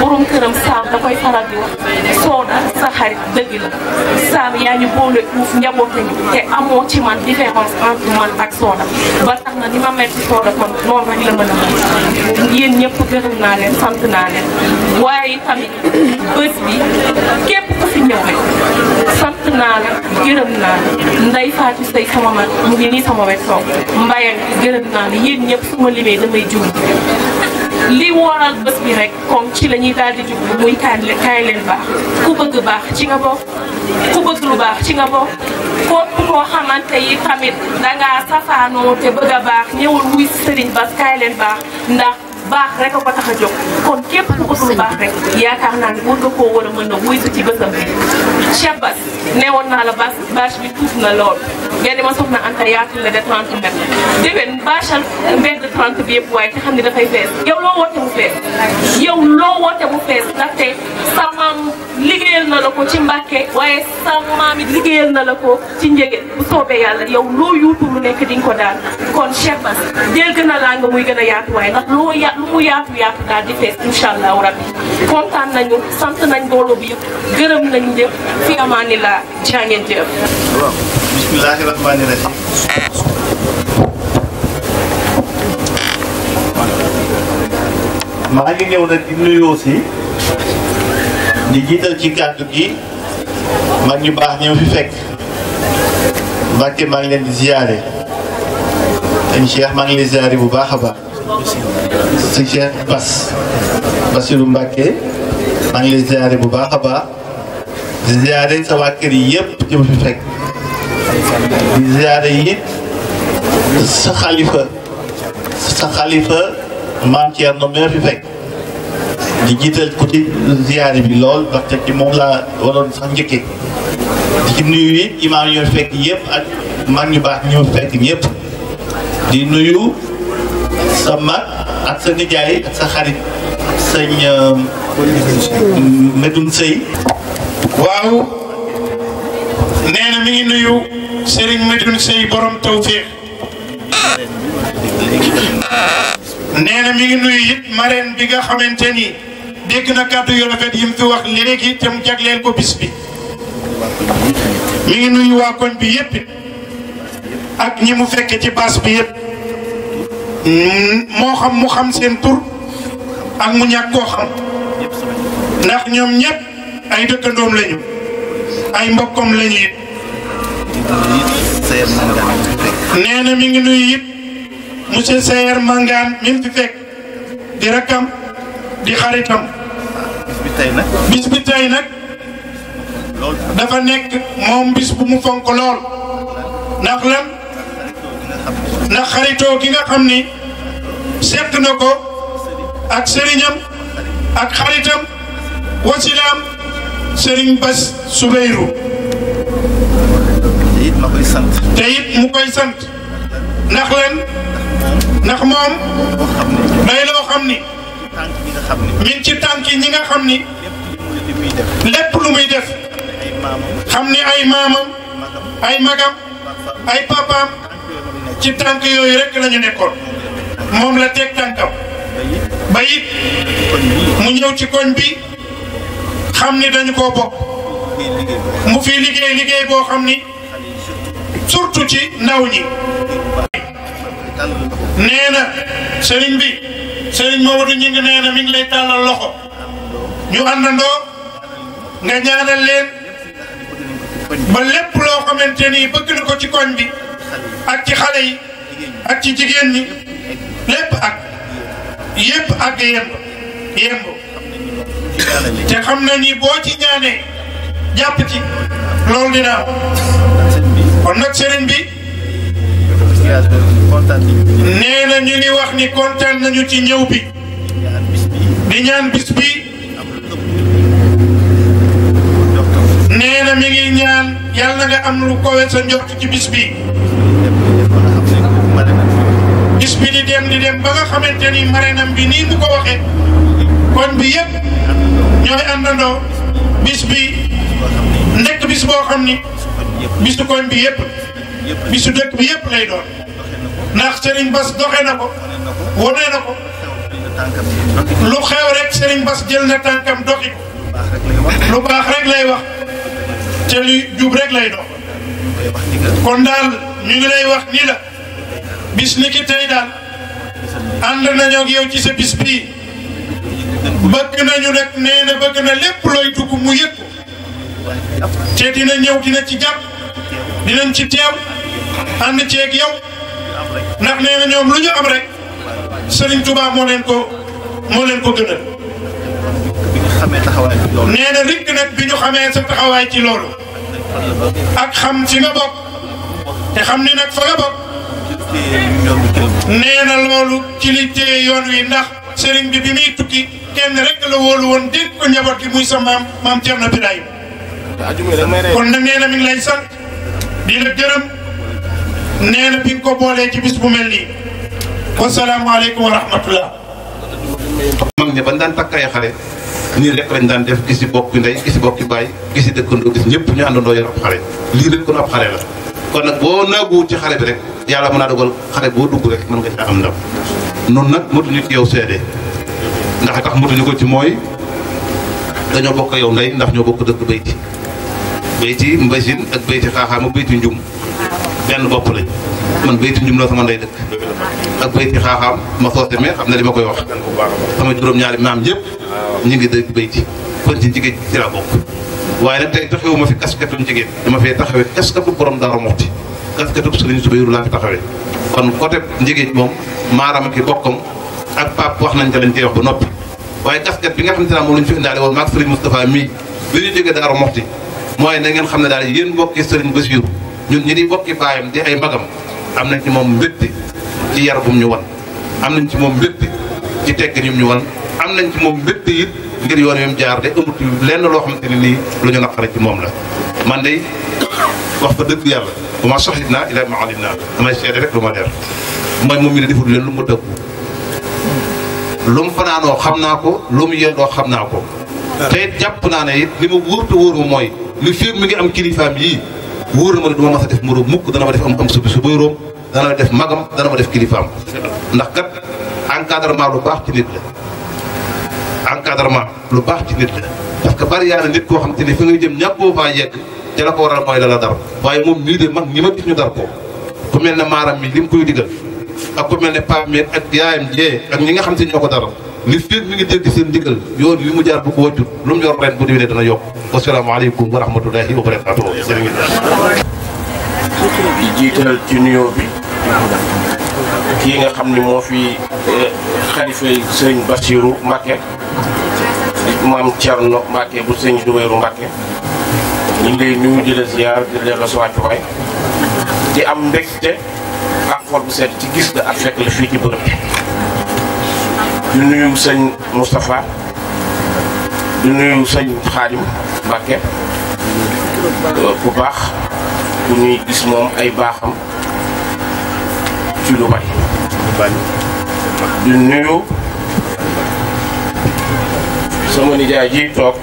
borom këram saam da koy faral di wax Soda sa xarit dëgg la saam yaa ñu boole uuf njaboote ñu te amoo ci man différence entre man ak Soda ba tax na ni ma mel ci Soda a mel yéen ñëpp gërëm naa leen sant naa leen waaye tamit bés bi képp ku fi ñëw sant naa la gërëm naa la nday Fatou Sey sama man mu ngi nii sama wet soog mbayal gërëm naa la yéen ñëpp suma ma limee damay juum li waral bés bi rek kom ci la ñuy daal di jublu muy kaay leen baax ku bëgg baax ci nga bokk ku bëgg lu baax ci nga bokk képp koo xamante yi tamit danga safaanoo te bëgg a baax ñëwul wuy sëriñ ba kaay leen baax ndax baax rek a ko tax a jóg kon képp ku bëggul baax rek yaakaar naa ne war nga koo war a mën a wuy si ci bësam Cheikh Bass neewoon naa la bas bâche bi tuut na lool ngeen ma soxna Anta yaatul la de 30 mètres déwén bâchal mbedd bi yëpp waaye te xam ne dafay fees yow loo woote mu fees yow loo woote mu fees ndaxte sa maam liggéeyal na la ko ci Mbàkke waaye sa maam liggéeyal na la ko ci njëgeen bu soobee yàlla yow loo yuutu lu nekk di ko daal kon Cheikh Bass dégg na laa nga muy gën a yaatuwaay ndax loo ya lu mu yaatu yaatu daal di fees incha allahu rabbi kontaan nañu sant nañ mbooloo bi fi amaani la maa ngi ñëw nag di nuyoo si di jiital ci kàddu gi mag ñu baax ñëw fi fekk Mbàkke maa ngi leen di ziyaare. sëñ Cheikh maa ngi lay bu baax a baax. si Cheikh Bass Bassirou Mbacke maa ngi ziare bu baax a baax di ziare sa waa kër yi yëpp ci bu fi fekk di ziare yi sa xalifa sa xalifa maam Thierno ma fi fekk di jiital ko ci ziare bi lool ndaxte ci moom laa waroon sax njëkkee di nuyu it imaam ñoo fekk yëpp ak mag ñu baax ñoo fekk ñëpp di nuyu sa mag ak sa nijaay ak sa xarit sëñ euh, Medoune Seye waaw nee na mi ngi nuyu Serigne Medoune Seye borom tawfiq nee na mi ngi nuyu it marraine bi nga xamante ni dégg na kàddu yu rafet yi mu fi wax léegi te mu jagleel ko bis bi mi ngi nuyu waa koñ bi yëpp ak ñi mu fekk ci baas bi yëpp. Mm, moo xam mu xam seen tur ak mu ñàkk xam ndax ñoom ñëpp ay dëkkandoom lañu ay mbokkom lañu yi nee na ngi nuyu it monsieur Sayer Mangane mi ngi fi fekk di rakkam di xaritam. bis bi tey nag bis bi dafa nekk moom bis bu mu fonk lool ndax lan ndax xaritoo gi nga xam ni. seq na ko ak sëriñam ak xaritam wasilaam sëriñ Bas Soubeyrou te it mu koy sant te it mu koy sant ndax leen ndax moom day loo xam ni min ci tànk yi ñi nga xam ni lépp lu muy def xam ni ay maamam ay magam ay papaam ci tànk yooyu rek la ñu nekkoon teeg tànkam mu ñëw ci koñ bi xam ni dañu koo bokk fi liggéey boo xam ni surtout ci ndaw ñi bi sëriñ Mamadou mi ngi lay tàllal loxo ñu àndandoo nga ñaanal leen ba lépp loo xamante ni bëgg ko ci koñ bi ak ci xale yi ak ci jigéen ñi lépp ak yépp ak yemb yemb te xam na ni boo ci ñaanee jàpp ci loolu dina am kon bi nee na ñu ngi wax ni kontaan nañu ci ñëw bi di mi ngi ñaan yàlla nga am lu kowe sa njort ci bis bi bis bi di dem di dem ba nga xamante ni marenam bi nii mu ko waxee kon bi yëpp ñooy àndandoo bis bi nekk bis boo xam ni bisu koñ bi yëpp bisu dëkk bi yëpp lay doon ndax Serigne Bass doxe na ko wone na ko lu xew rek Serigne Bass jël na tànkam doxi ko lu baax rek lay wax te jub rek lay dox kon daal ñu ngi lay wax nii la. bis ni ki tey daal ànd nañoo ak yow ci sa bis bii bëgg nañu nag nee na bëgg na lépp looy dugg mu yëg te dina ñëw dina ci jàpp dinañ ci teew ànd ceeg yow ndax nee na ñoom lu ñu am rek sëriñ Touba moo leen ko moo leen ko gënal. nee na rikk nag bi ñu xamee sa taxawaay ci loolu. ak xam fi nga bokk te xam ni nag fa nga bokk. nee na loolu kilifte yoon wi ndax sëriñ bi bi muy tukki kenn rek la wóolu woon dégg ko njaboot muy sa maam maam Thierno Birahim kon nag nee na mi ngi lay sant di la gërëm nee na bi nga ko boolee ci bis bu mel nii wasalaamaaleykum wa mag daan takkaay xale nii rek lañ daan def gis si ndey gis si gis si dëkkandoo gis ñëpp ñu àndandoo yor ab xale lii rek kon ab xale la kon nag boo naaguwul ci xare bi rek yàlla mën naa dogal xare boo dugg rek mën nga caa am ndam noonu nag motuñu ci yow seede ndax tax motuñu ko ci mooy dañoo bokk yow ndey ndax ñoo bokk dëkk bayti bayti mbasin ak bayti xaaxaam ak bayti njum benn bopp lañ man bayti njum la sama ndey dëkk ak bayti xaaxaam ma soo demee xam na li ma koy wax sama juróom-ñaari maam yëpp ñu ngi dëkk bayti kon ci jigéen ci la bokk waaye nag tey taxawuma fi kasketum jigéen dama fee taxawee kasketu borom dara moxti kasketu sëriñ Subayru laa fi taxawee kon côté njigéen moom maarama ki bokkam ak pap wax nañ te lañ cee wax ba noppi waaye kasket bi nga xam ne daal moom la ñu fi indaale woon maag sëriñ Moustapha mii bi ñu jógee Daaru Moxti mooy na ngeen xam ne daal yéen mbokki sëriñ Basiru ñun ñi di bokki baayam di ay magam am nañ ci moom mbégte ci yar bum ñu wan am nañ ci moom mbégte ci tegg ñum ñu wan am nañ moom mbégte it ngir yoon wi jaar de amut lenn loo xamante ni nii lu ñu naqari ci moom la man day wax fa dëgg yàlla bu ma soxit naa ila ma alim naa damay seede rek lu ma leer mooy moom mi ne deful leen lu mu dëggu lu mu fanaanoo xam naa ko lu mu yendoo xam naa ko ah. te jàpp naa ne it li ma wóor wóor ma mooy li fii mi ngi am kilifaam yii wóor na ma ne du ma mas a def muru mukk dana ma def am am subi su bayróom dana ma def magam dana ma def kilifaam ah. ndax kat encadrement lu baax ci nit la ma lu baax ci nit la parce que bari nit koo xam te ne fi ngay jëm ñàkkoo faa yegg te la ko waral mooy la la dar waaye moom nii de mag ñi ma gis ñu dar ko ku mel ne maaram mi li koy digal ak ku mel ne paam yaayam jee ak ñi nga xam te ñoo ko daral li fiit mi ngi dégg seen ndigal yoon wi mu jaar bu ko wàccut lu mu yor ren bu déwénee dana yokk wasalaamaaleykum wa rahmatulahi wa barakaatu di jiital ci nuyoo bi kii nga xam ni moo fi eh, xalifa sëriñ Basiru Mbàkke maam Thierno Mbacke bu sëñ Duweeru Mbacke ñu ngi lay nuyu di la ziar di la recevoir waay di am mbégte ak xol bu ci gis la ak fekk la fii ci bërëb di nuyu sëñ Moustapha di nuyu sëñ Xaadim Mbacke bu baax ku ñuy gis moom ay baaxam ci lu bari di nuyu. sama nijaay ji toog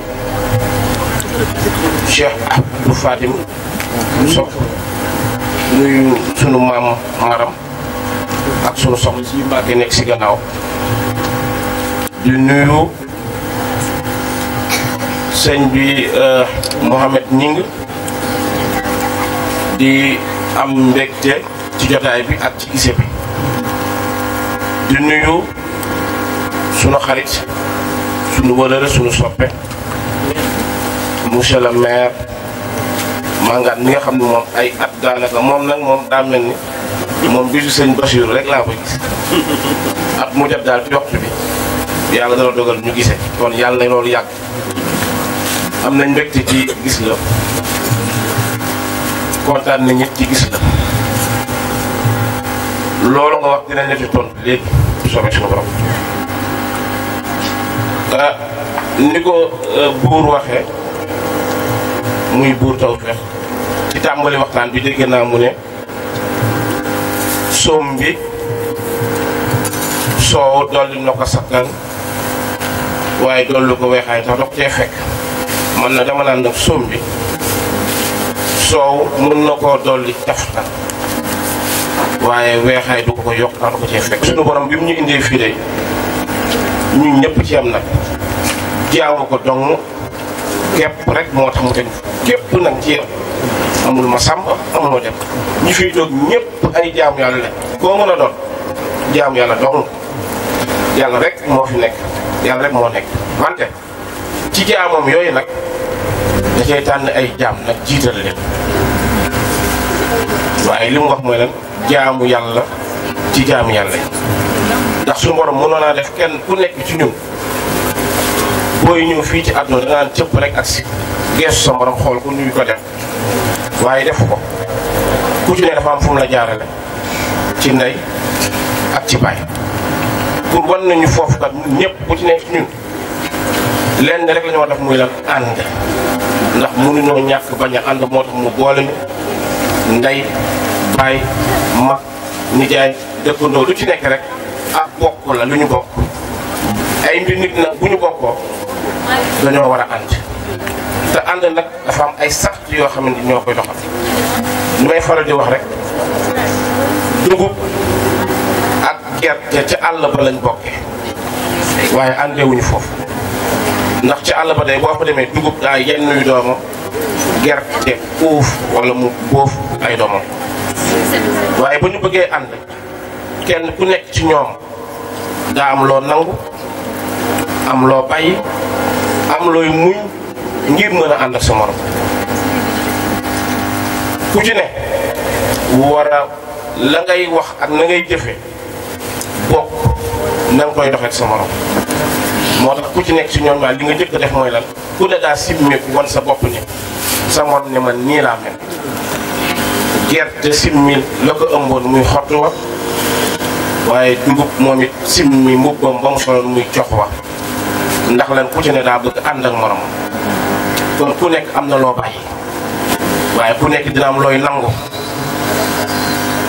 Cheikh Abdou Fatim sunu maam maram ak sunu soxla nekk si gannaaw di sëñ bi euh, Mohamed Ñing di am mbégte ci jotaay bi ak ci gise bi di nuyu sunu xarit sunu wëlëre sunu soppe monsieur le maire Mangane mi nga xam ne moom ay at daanaka moom nag moom daa mel ni moom bisu sëñ Bachir rek laa ko gis at mu jot daal ci waxtu bi yàlla dana dogal ñu gisee kon yàlla na loolu yàgg am nañ mbégte ci gis la kontaan na ñit ci gis la loolu nga wax dinañ la ci tontu léegi soobee suñu borom Ah, ni ko euh, buur waxee muy buur tawfeex ci tàmbali waxtaan bi dégg naa mu ne soom bi soow dolli na ko sakkan waaye dollu ko weexaay tax dox cee fekk man na dama naan def soom bi soow mën na koo dolli caftan waaye weexaay du ko ko yokk tax ko cee fekk sunu borom bi mu ñu indee fii ñun ñëpp ci yam nag jaaw ko dong képp rek moo tax mu dem képp nag ci yam amul ma sàmm amul ma dem ñu fiy toog ñëpp ay jaam yàlla la koo mën a doon jaam yàlla dong yàlla rek moo fi nekk yàlla rek moo nekk wante ci jaamam yooyu nag da cay tànn ay jaam nag jiital leen waaye li mu wax mooy lan jaamu yàlla ci jaamu yàlla yi ndax suñu borom mënoon naa def kenn ku nekk ci ñun booy ñëw fii ci àdduna da naan cëpp rek ak si geesu sa borom xool ku nuyu ko dem waaye defu ko ku ci ne dafa am fu la jaarale ci ndey ak ci baay pour wan nañu foofu ñépp ñëpp ku ci nekk ci ñun lenn rek la ñu war def muy lan ànd ndax mënuñoo ñàkk bañ a ànd moo tax mu boole ñu ndey baay mag nijaay dëkkandoo lu ci nekk rek. ak bokk la lu ñu bokk ay mbir nit nag bu ñu bokkoo dañoo war a ànd te ànd nag dafa am ay sart yoo xam ne ñoo koy doxal li may faral di wax rek dugub ak gerte ca àll ba lañ bokkee waaye àndewuñu foofu ndax ci àll ba day boo fa demee dugub daa yenn yu doomam gerte uuf wala mu ay doomam waaye bu ñu bëggee ànd kenn ku nekk ci ñoom daa am loo nangu am loo bàyyi am looy muñ ngir mën a ànd ak sa morom ku ci ne war a la wax ak na ngay jëfe bokk koy doxee sa morom ku ci nekk ci ñoom daal li nga njëkk a def mooy lan ku ne daa simmeeku wan sa bopp ne sa morom ne man nii laa mel gerte simmil la ko ëmboon muy xottu wa waaye dugub moom it sim mi mbubbam ba mu sol muy jox wax ndax lan ku ne daa bëgg ànd ak morom kon ku nekk am na loo bàyyi waaye ku nekk dina am looy nangu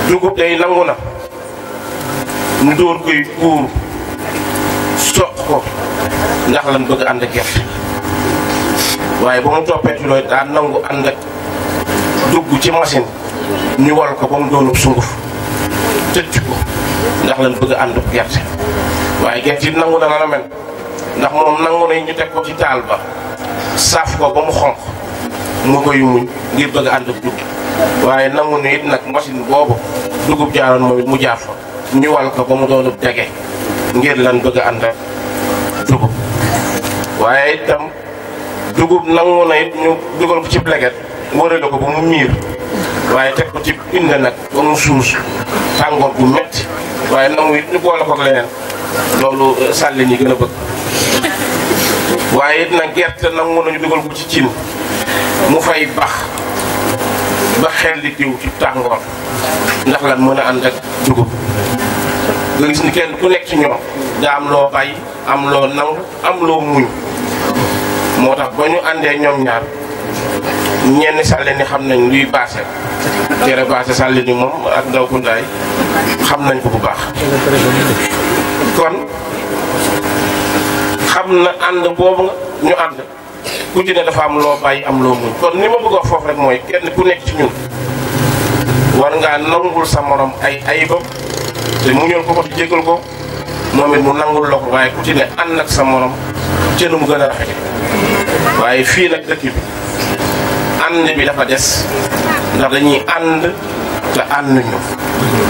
dugub day nangu na mu dóor koy kuur soq ko ndax lan bëgg ànd ak gerte waaye ba mu toppee ci looy daa nangu ànd ak dugg ci machine ñu wal ko ba mu doonub sunguf tëj ko ndax lan bëgg a ànd gerte waaye gerte it nangu na la mel ndax moom nangu nañ ñu teg ko ci taal ba saaf ko ba mu xonq mu koy muñ ngir bëgg a ànd ak waaye nangu na it nag machine boobu dugub jaaroon moom it mu jaar fa ñu wal ko ba mu doon dege ngir lan bëgg a ànd ak dugub waaye itam dugub nangu na it ñu dugal ko ci bleget wërale ko ba mu miir. waaye teg ko ci inde nag ba mu suus tàngoor bu metti waaye nangu it ñu boole ko leneen loolu euh, sàlli ñi gën a bëgg waaye it nag gerte nangu nañu dugal ci cin mu fay bax ba xel di diw tàngoor ndax lan mën a ànd ak dugub nga ni kenn ku nekk ci ñoom daa am loo bay am loo nangu am loo muñ moo tax ba ñu àndee ñoom ñaar ñenn sàlle ni xam nañ luy baase tere baase sàlle ni moom ak ndaw ku ndaay xam nañ ko bu baax kon xam na ànd boobu ñu ànd ku ne dafa am loo bàyyi am loo muñ kon ni ma bëgg wax foofu rek mooy kenn ku nekk ci ñun war ngaa nangul sa morom ay ayibam te mu ko ko te jégal ko moom it mu nangul la ko waaye ku ci ne ànd ak sa morom ca nu mu gën a rafete waaye fii nag dëkk na bi dafa des ndax dañuy ànd te ànduñu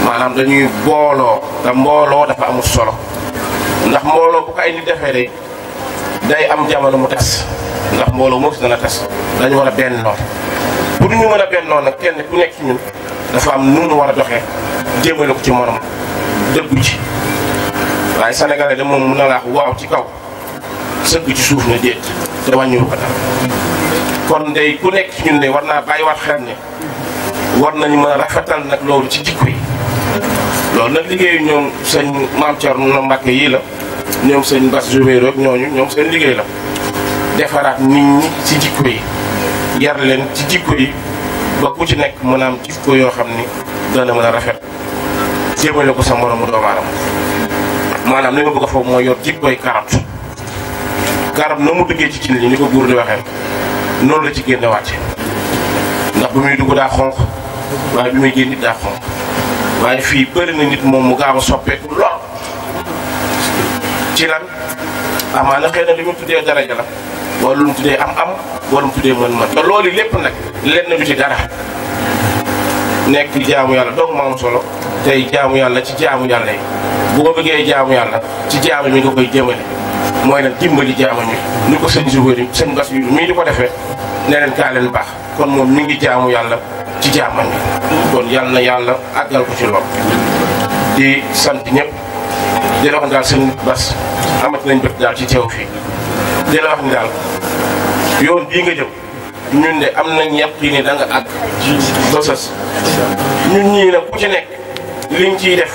maanaam dañuy booloo te mbooloo dafa amul solo ndax mbooloo bu ko ay nit defee rek day am jamono mu tas ndax mbooloo moo gis dana tas dañu war a bennoo pour ñu mën a bennoo nag kenn bu nekk ci ñun dafa am nu war a doxee jéemale ko ci morom dëggu ci waaye sénégalais da moom mën na laax waaw ci kaw sëgg ci suuf na déet te wàññiwul ko dara kon ndey ku nekk ci ñun de war naa bàyyiwaat xel ne war nañu mën a rafetal nag loolu ci jikko yi loolu nag liggéeyu ñoom sëñ maam Thierno Mbacke yii la ñoom sëñ Bass Joubert ak ñooñu ñoom seen liggéey la defaraat nit ñi ci jikko yi yar leen ci jikko yi ba ku ci nekk mën a jikko yoo xam ni dana mën a rafet jéemale ko sa moromu doomu aadama maanaam li ma bëgg a foofu mooy yor jikkooy karab karab na mu duggee ci cin li ni ko buur di waxee loolu la ci génne wàcce ndax bu muy dugg daa xonq waaye bi muy génn nit daa xonq waaye fii bëri na nit moom mu gaaw a soppeeku lool ci lan amaana xëy na li mu tuddee dara la wala lu mu tuddee am-am wala mu tuddee mën-mën loolu lépp nag lenn lu ci dara nekk jaamu yàlla dong am solo tey jaamu yàlla ci jaamu yàlla yi bu ko bëggee jaamu yàlla ci jaamu mi nga koy jëmale. mooy nag dimbali jaamu ñi ñu ko sëñ Zubair yi sëñ Bas mii di ko defee ne leen kaa leen baax kon moom mi ngi jaamu yàlla ci jaamam yi kon yàlla na yàlla ak àggal ko ci lool di sant ñëpp di la wax Bas amat nañ jot daal ci teew fii di la wax ni daal yoon bii nga jëm ñun de am na yàq yi ne da nga àgg ba sës ñun ñii nag ku ci nekk liñ ciy def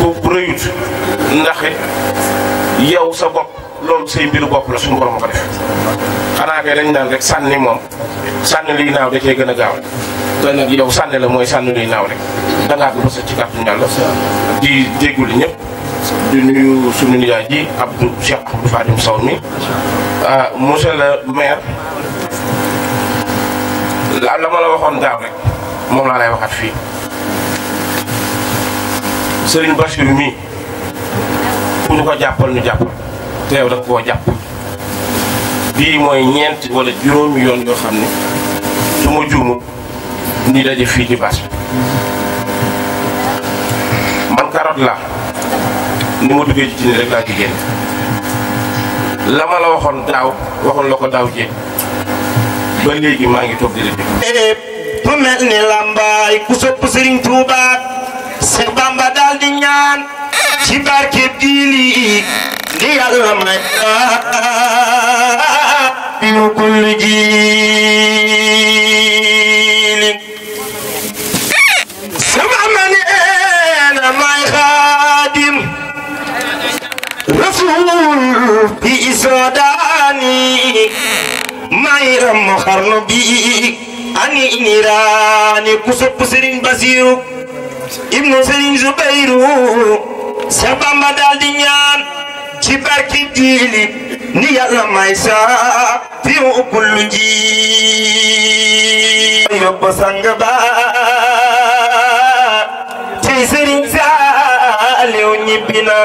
bu rëyut ndax yow sa bopp loolu say mbiru bopp la suñu borom a ko def xanaa kay dañ naan rek sànni moom sànni luy naaw da cee gën a gaaw te nag yow sànni la mooy sànni luy naaw rek dangaa ko sa ci kàttu di jéggul ñëpp di nuyu suñu nijaay ji Abdou Cheikh Abdou Fadim Sow mi ah monsieur le maire la la ma la waxoon daaw rek moom laa lay waxaat fii Serigne Bachir mii nu ko jàppal nu jàppal teew daf koo jàpp bii mooy ñeent wala juróomi yoon yoo xam ne su ma juumul ni daje fii ci bâche bi man carotte la nu ma duggee ci rek la ma la waxoon daaw waxoon la ko daaw jéeg ba léegi maa ngi toog di la bu eh, eh, mel ni lambaay ku sopp Serigne Touba. Seex Bamba daal di ñaan ci barke diili di Yàlla may bi kulli jiili sama ma neena may xaadim rasul bi isodaani may ram xarnu bi ani niraani ku sopp Sëriñ Basiru ibnu sëriñ Zubeyru Seex Bamba daal di ñaan ci barki jiili ni yàlla may saa fi mu kullu ji yóbbu sang ci sëriñ Saaliw ñibbi na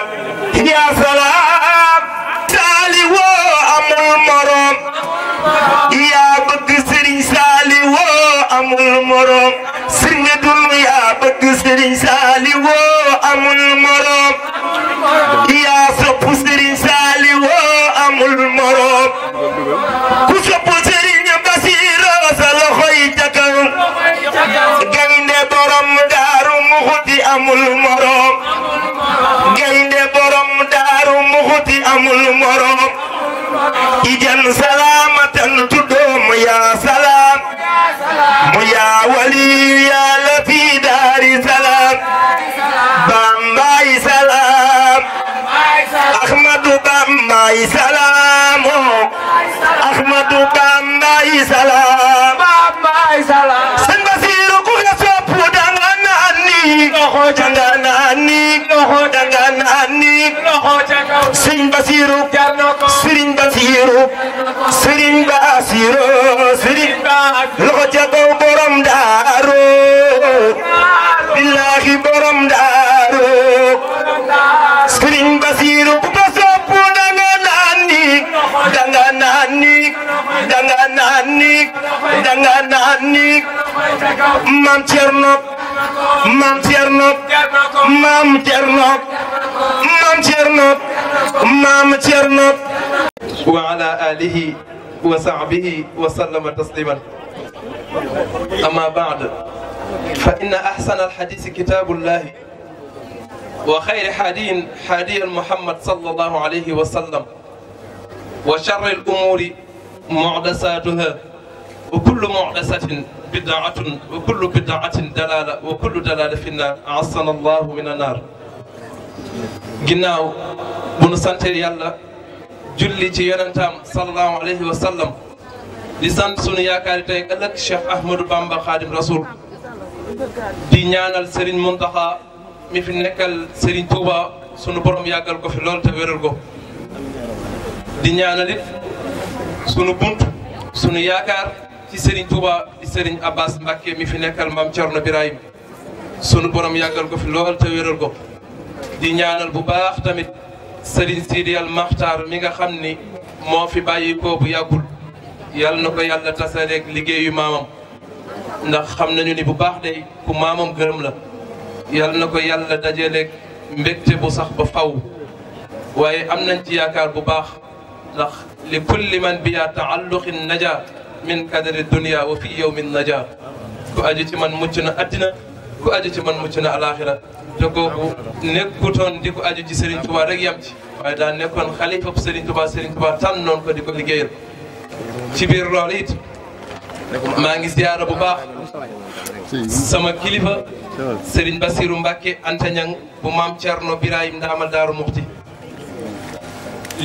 yaa salaam Saaliw woo amul yaa bëgg sëriñ Saaliw woo amul morom sëriñ dunu yaa bëgg sëriñ Saaliwu amul morom yaa sopp sëriñ Saaliwu amul morom ku sopp sëriñ Basiiro sa loxo yi ca kaw gaynde borom daaru muxuti amul morom gaynde borom daaru muxuti amul morom ijan salaamatan tuddoom yaa يا ولي يا لفي دار سلام بامباي سلام أحمد بامباي سلام أحمد بامباي سلام بامباي سلام سنبسيرك يا سوبو داناني داناني داناني sëriñ Basiru loxo ca kaw borom daaru billahi borom daaru sëriñ Basiru ku ko sopp na nga وعلى آله وصحبه وسلم تسليما أما بعد فإن أحسن الحديث كتاب الله وخير حديث حديث محمد صلى الله عليه وسلم وشر الأمور معدساتها وكل معدسة بدعة وكل بدعة دلالة وكل دلالة في النار عصنا الله من النار جناو بن سنتي يلا جل تيرنتام صلى الله عليه وسلم لسان سنيا كارتي قالك شيخ أحمد بامبا خادم رسول دينيان السرين منتخى مفنك السرين توبا سنو برم ياكل كفلول تبيرل كفلول di ñaanalit sunu bunt sunu yaakaar ci Serigne Touba di Serigne Abbas Mbacke mi fi nekkal mam Thierno ibrahim sunu borom yàggal ko fi lool te wéral ko di ñaanal bu baax tamit Serigne Sidi Al Maxtaar mi nga xam ni moo fi bàyyi ko yàggul yàlla na ko yàlla tasareeg liggéeyu maamam ndax xam nañu ni bu baax day ku maamam gërëm la yàlla na ko yàlla dajaleeg mbégte bu sax ba faw waaye am nañ ci yaakaar bu baax المطلق لكل من بها تعلق النجاة من قدر الدنيا وفي يوم النجاة كأجت من مجنا أدنى كأجت من مجنا الآخرة جوكو نكوتون ديكو أجي جسرين توبا رجيمت ويدا نكون خليفة بسرين توبا سرين توبا تنون كو ديكو لغير تبير روليت ما نجيز ديارة بباخ سما كليفة سرين بسيرون باكي أنتن يان بمام تشارنو برايم دامل دارو مختي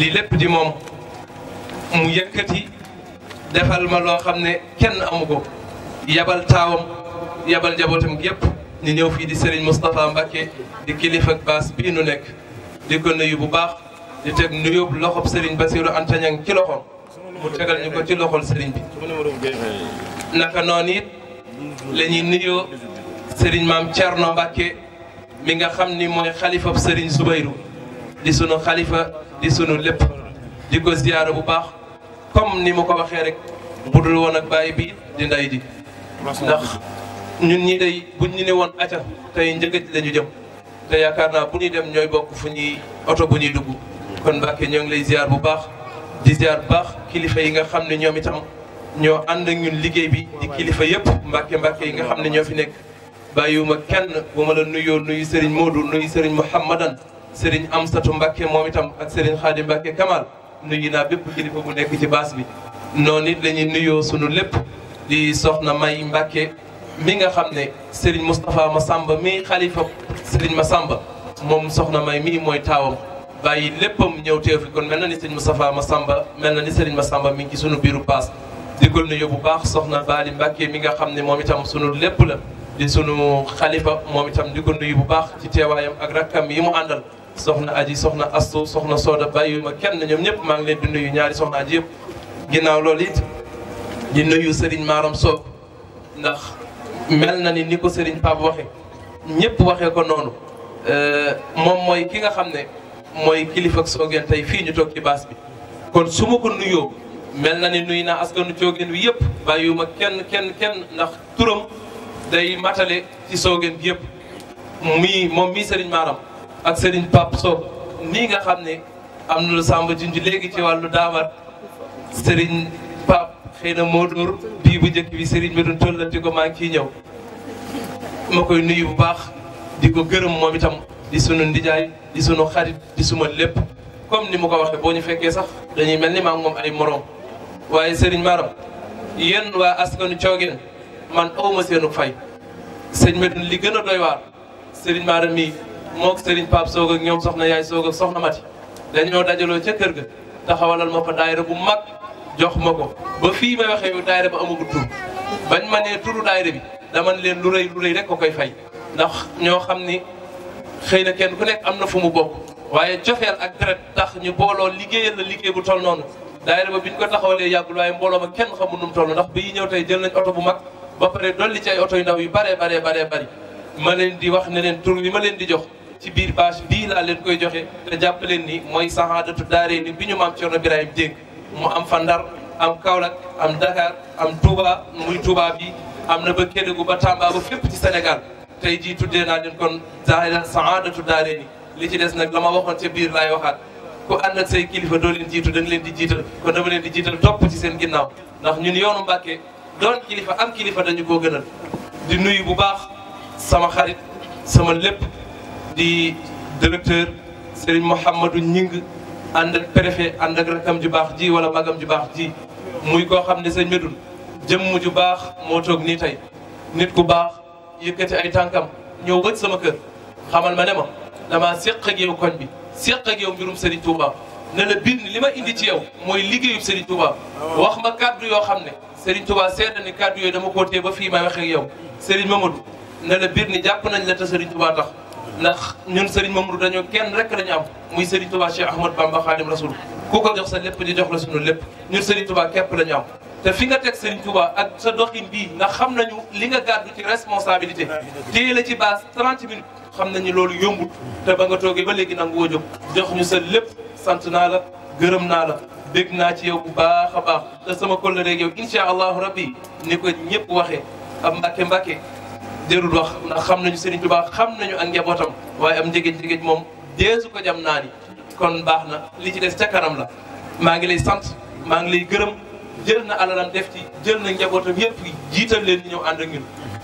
li di mom mu yëkkati defal ma loo xam ne kenn amu ko yabal taawam yabal njabootam gépp ñu ñëw fii di Serigne Moustapha Mbacké di kilifa ak baas bii nu nekk di ko nuyu bu baax di teg nuyoo loxob Serigne Bassirou Anta Niang ci loxoom mu tegal ñu ko ci loxol sëriñ bi. naka noonu it la ñuy nuyoo Serigne maam Thierno Mbacké mi nga xam ni mooy xalifab Serigne Soubayrou di sunu xalifa di sunu lépp di ko ziyaara bu baax. comme ni mu ko waxee rek dul woon ak baay bi di nday di ndax ñun ñi day buñ ñu ne woon aca tey njëgëj lañu jëm te yaakaar naa bu ñuy dem ñooy bokk fu ñuy oto bu ñuy dugg kon Mbàkke ñoo ngi lay ziar bu baax di ziar bu baax kilifa yi nga xam ne ñoom itam ñoo ànd ak ñun liggéey bi di kilifa yëpp Mbàkke Mbàkke yi nga xam ne ñoo fi nekk bàyyiwuma kenn bu ma la nuyoo nuyu Serigne Modou nuyu Serigne Mouhamadan Serigne Amsatu Mbàkke moom itam ak sëriñ Xaadim Mbàkke Kamal nuyu naa bépp kilifa bu nekk ci baas bi noonu it la ñuy nuyoo sunu lépp di soxna May Mbàkke mi nga xam ne Serigne ma Massamba mi xalifa Serigne Massamba moom soxna May mii mooy taawam bàyyi léppam ñëw teew fi kon mel na ni Serigne ma Massamba mel na ni Serigne Massamba mi ngi ci sunu biiru baas di ko nuyu bu baax soxna Baali Mbàkke mi nga xam ne moom itam sunu lépp la di sunu xalifa moom itam di ko nuyu bu baax ci teewaayam ak rakkam yi mu àndal soxna aji soxna astu soxna sooda bàyyiwuma kenn ñoom ñëpp maa ngi leen di nuyu ñaari soxna aji yëpp ginnaaw loolu it di nuyu Serigne Maram Sow ndax mel na ni ni ko Serigne Pape waxe ñëpp waxee ko noonu euh, moom mooy ki nga xam ne mooy kilifa soogeen tey fii ñu toog ci baas bi kon suma ma ko nuyoo mel na ni nuyu naa askanu coogeen bi yëpp bàyyiwuma kenn kenn kenn ndax turam day matale ci soogeen gi yëpp muy moom mii Serigne Maram ak sëriñ Pape Sow mii nga xam ne am na lu sàmb léegi ci wàllu daamar sëriñ Pape xëy na moo dóor bii bu njëkk bi sëriñ bi doon tollati ko maa ngi ciy ñëw ma koy nuyu bu baax di ko gërëm moom itam di sunu ndijaay di sunu xarit di suma lépp comme ni ma ko waxee boo ñu fekkee sax dañuy mel ni maam moom ay morom waaye sëriñ Maram yéen waa askanu coogeen man awma seenu fay sëñ Medoune li gën a doy waar sëriñ Maram mii mook Serigne Pape Soog ak ñoom soxna yaay Soog ak soxna Mati dañoo dajaloo ca kër ga taxawalal ma fa daayira bu mag jox ma ko ba fii may waxee yu daayira ba amagul tur bañ ma nee turu daayira bi dama ne leen lu rëy lu rëy rek ko koy fay ndax ñoo xam ni xëy na kenn ku nekk am na fu mu bokk waaye cofeel ak deret tax ñu booloo liggéeyal la liggéey bu toll noonu daayira ba biñ ko taxawalee yàggul waaye mbooloo ma kenn xamul nu mu toll ndax bi ñuy ñëw tey jël nañ oto bu mag ba pare dolli ci ay oto yu ndaw yu baree baree baree bari ma leen di wax ne leen tur bi ma leen di jox ci biir bâche bii laa leen koy joxe te jàpp leen ni mooy tu daaree ni bi ñu maam Cerno Birahim dégg mu am fa Ndar am Kaolack am Dakar am Touba muy Touba bi am na ba Kédougou ba Tamba ba fépp ci Sénégal tey jiitu tuddee naa leen kon daayira tu daaree ni li ci des nag la ma waxoon ca biir laay waxaat ku ànd ak kilifa doo leen jiitu da leen di jiital kon dama leen di jiital topp ci seen ginnaaw ndax ñun yoonu Mbàkke doon kilifa am kilifa dañu koo gënal di nuyu bu baax sama xarit sama lépp di directeur sëriñ Mouhamadou Ñing ànd ak préfet ànd ak rakam ju baax ji wala magam ju baax ji muy koo xam ne sëñ Medoune jëmm ju baax moo toog nii tey nit ku baax yëkkati ay tànkam ñëw wëj sama kër xamal ma ne ma damaa séq ak yow koñ bi séq ak yow mbirum Serigne Touba ne la ni li ma indi ci yow mooy liggéeyub Serigne Touba wax ma kàddu yoo xam ne Serigne Touba seetlu ni kàddu yooyu dama ko téye ba fii may waxee ak yow Serigne Mamadou ne la ni jàpp nañ la te Serigne Touba tax. ndax ñun Serigne Mamadou dañoo kenn rek lañu am muy Serigne Touba Cheikh Ahmad Bamba Khadim Rasoul ku ko jox sa lépp di jox la sunu lépp ñun Serigne Touba képp lañu am. te fi nga teg Serigne Touba ak sa doxin bi ndax xam nañu li nga gàddu ci responsabilité téye la ci base trent minutes xam nañu loolu yombut te ba nga toogee ba léegi nangu woo jóg jox ñu sa lépp sant naa la gërëm naa la. dégg naa ci yow bu baax a baax te sama kóllëreeg yow incha allahu rabbi ni ko ñëpp waxee ab mbàkke mbàkke jërul wax ndax xam nañu Serigne Touba xam nañu ak waaye am njëgëj njëgëj moom deesu ko jam naa ni kon baax na lii ci des ca kanam la maa ngi lay sant maa ngi lay gërëm jël na alalam def ci jël na njabootam yëpp jiital leen ñëw ànd ak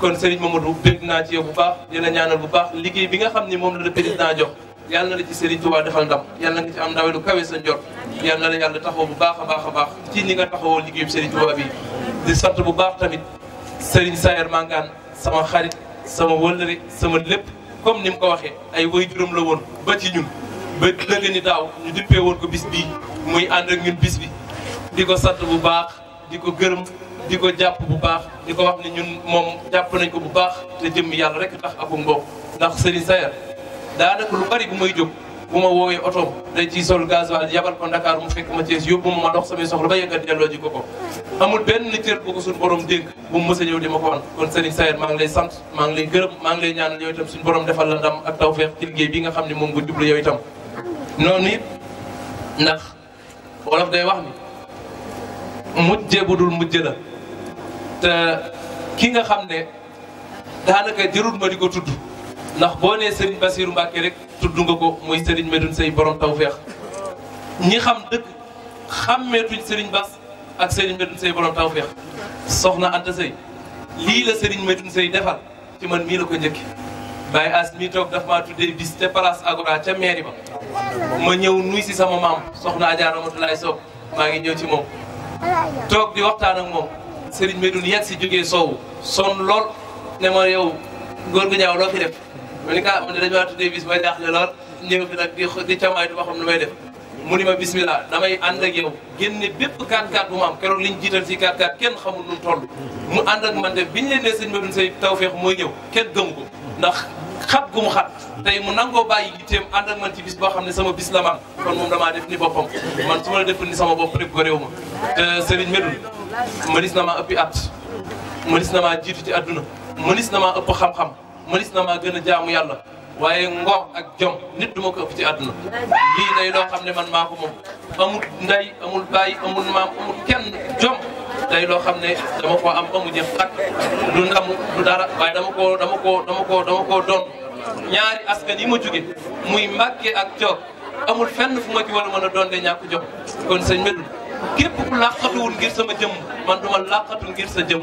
kon Serigne Mamadou bégg naa ci yow bu baax dina ñaanal bu baax liggéey bi nga xam ni moom la le président jox yàlla na la ci Serigne Touba defal ndam na nga ci am ndaw lu kawe sa njort yàlla na la yàlla taxaw bu baax a baax a baax ci ni nga taxawoo liggéeyub Serigne Touba bi di sant bu baax tamit Serigne Sayer Mangane sama xarit sama wëllëre sama lépp comme ni mu ko waxee ay way juróom la woon ba ci ñun ba dëgg ni daaw ñu dippee woon ko bis bii muy ànd ak ñun bis bi di ko sant bu baax di ko gërëm di ko jàpp bu baax di ko wax ne ñun moom jàpp nañ ko bu baax te jëmm yàlla rek tax ak mbokk ndax Serigne Sayar daanaka lu bari bu may jóg bu ma woowee oto day ci sol gasoil yabal ko Dakar mu fekk ma Thiès yóbbu ma ma dox samay soxla ba yeggat delloo ji ko ko amul benn cër bu ko suñu borom dénk bu mu mës ñëw di ma ko kon Serigne Sayer maa ngi lay sant maa ngi lay gërëm maa ngi lay ñaanal yow itam suñu borom defal la ndam ak tawfeex ci liggéey bi nga xam ne moom nga jublu yow itam noonu it ndax wolof day wax ni mujje bu dul mujje la te ki nga xam ne daanaka jërul ma di ko tudd ndax boo nee Serigne Bassirou Mbacke rek tudd nga ko muy Serigne Medoune Seye borom tawféex ñi xam dëgg xàmmeetuñ Serigne Bass ak Serigne Medoune Seye borom tawféex soxna Anta Seye lii la Serigne Medoune Seye defal ci man mii la ko njëkki Baye As mii toog daf maa tuddee bis te place Agora ca mairie ba ma ñëw nuy si sama maam soxna Adja Ramatoulaye Sow maa ngi ñëw ci moom toog di waxtaan ak moom sëriñ Medoune yegg si jógee soowu sonn lool ne ma yow góor gu ñaaw loo fi def ma ni kaa ah, man de dañu maa tuddee bis ma jaaxle lool ñëw fi nag di di mu ni ma bismillah damay ànd ak yow génne bépp 4-4 bu ma am keroog liñ jiital ci 4-4 kenn xamul nu mu toll mu ànd ak man def bi leen ne sëñ Madoun Seye tawfeex mooy ñëw kenn gëm ko ndax xat gu mu xat tey mu nangoo bàyyi yitteem ànd ak man ci bis boo xam ne sama bis la ma kon moom damaa def ni boppam man su ma la def ni sama bopp rek ko réew ma te Serigne Medoune mënis na maa ëpp at mënis na maa jiitu ci àdduna mënis na maa ëpp xam-xam mënis na maa gën a jaamu yàlla waaye ngor ak jom nit du ko ëpp ci àdduna lii day loo xam ne man maa ko moom amul ndey amul baay amul maam amul kenn jom day loo xam ne dama koo am amu jëm ak du du dara waaye dama ko dama ko dama koo dama koo doon ñaari askan yi ma jóge muy Mbàkke ak Joor amul fenn fu ma ci war mën a doon de ñàkk jom kon sëñ Medoune képp ku làqatuwul ngir sama jëmm man duma làqatu ngir sa jëmm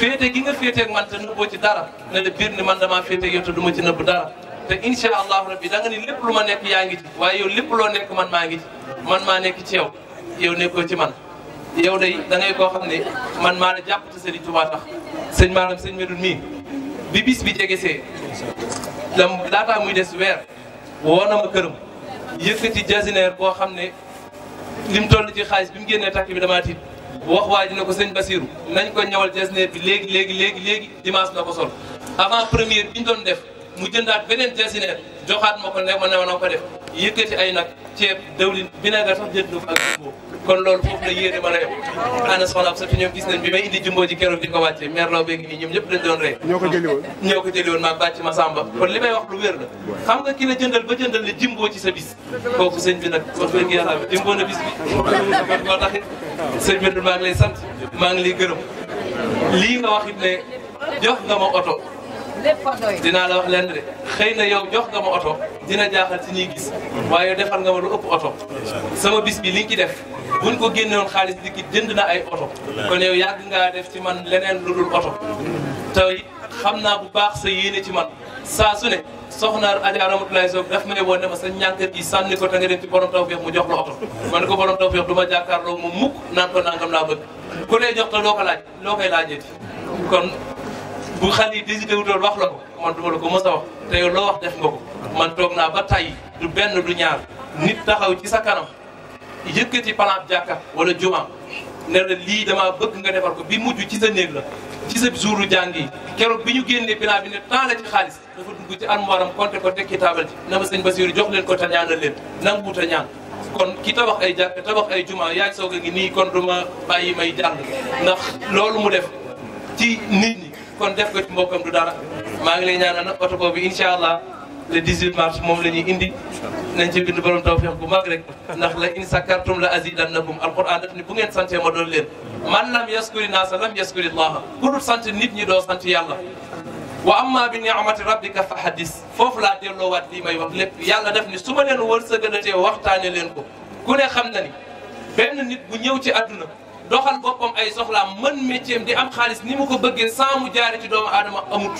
féete gi nga féeteeg man te nëbboo ci dara na la biir ni man damaa féeteeg yow te du ci nëbb dara te incha allahu rabbi da nga ni lépp lu ma nekk yaa ngi ci waaye yow lépp loo nekk man maa ngi man maa nekk ci yow yow nekkoo ci man yow day da ngay koo xam ne man maa la jàpp te Sëriñ Tuubaa tax sëñ maanaam sëñ Medoune mii bi bis bi jege see la laataa muy des weer woo na ma këram yëkkati jasineer boo xam ne lim toll ci xaalis bi mu génnee takk bi damaa wax waa ji ko sëñ Basirou nañ ko ñëwal jeesneer bi e léegi léegi léegi léegi dimanche na ko sol avant première bi ñu doon def mu jëndaat beneen jeesneer joxaat ma ko ne ma ne ma ko def yëkkati ay nag ceeb dawlin vinaigre sax jënd na ko ak kon loolu foofu la yéene mën a yem ana soxnaam sa ñoom gis nañ bi may indi jumbo ji keroog di ko wàcce maire law béegi nii ñoom ñëpp dañ doon ree ñoo ko jëli woon ñoo ko jëli woon maag bàcc ma sàmba kon li may wax lu wér la xam nga ki la jëndal ba jëndal ne jumbo ci sa bis kooku sëñ bi nag wax dëgg yàlla bi jumbo na bis bi kon moo taxit sëñ bi maa ngi lay sant maa ngi lay gërëm lii nga wax it ne jox nga ma oto dinaa la wax lenn de xëy na yow jox nga ma oto dina jaaxal ci ñuy gis waaye defal nga ma lu ëpp oto sama bis bi li nga ci def bu ko génnewoon xaalis di ki jënd na ay oto kon yow yàgg ngaa def ci man leneen lu dul oto te xam naa bu baax sa yéene ci man saa su ne soxna Adja Ramatoulaye Sow daf ma woon ne ma sa ñànkat yi sànni ko te nga dem ci borom tawfeex mu jox la oto man ko borom tawfeex du ma jàkkaarloo mu mukk naan ko nangam laa bëgg ku lay jox te loo ko laaj loo koy laajeeti kon bu xal yi décidé wu la ko ma la ko mës a wax loo wax def nga ko man toog naa ba tay du benn du ñaar nit taxaw ci sa kanam yëkkati palaab jàkka wala juma ne la lii damaa bëgg nga defar ko bi mujj ci sa néeg la ci sa jouru jàng yi keroog bi ñu génnee bilan bi ne temps la ci xaalis dafa dugg ci armoire am compté ko tekki taabal ci na ma sëñ Basiru jox leen ko te ñaanal leen nanguwut a ñaan kon ki tabax ay jàkk tabax ay juma yaa ngi soog nii kon du ma bàyyi may jàng ndax loolu mu def ci nit kon def ko ci mbokkam du dara maa ngi lay ñaanal na oto bi incha allah le 18 mars mom lañuy indi nañ ci bind borom tawfiq bu mag rek ndax la in sakartum la azidannakum alquran daf ni bu ngeen sante ma doon leen man lam yaskuri nas lam yaskuri allah ku dul santé nit ñi do santé yàlla wa amma bi ni'mati rabbika fa hadis la delo wat li may wax lépp yàlla daf ni su ma leen wërsëgalatee waxtane leen ko ku ne xam na ni ben nit bu ñëw ci aduna doxal boppam ay soxlaam mën métier di am xaalis ni mu ko bëggee sans mu jaare ci doomu aadama amut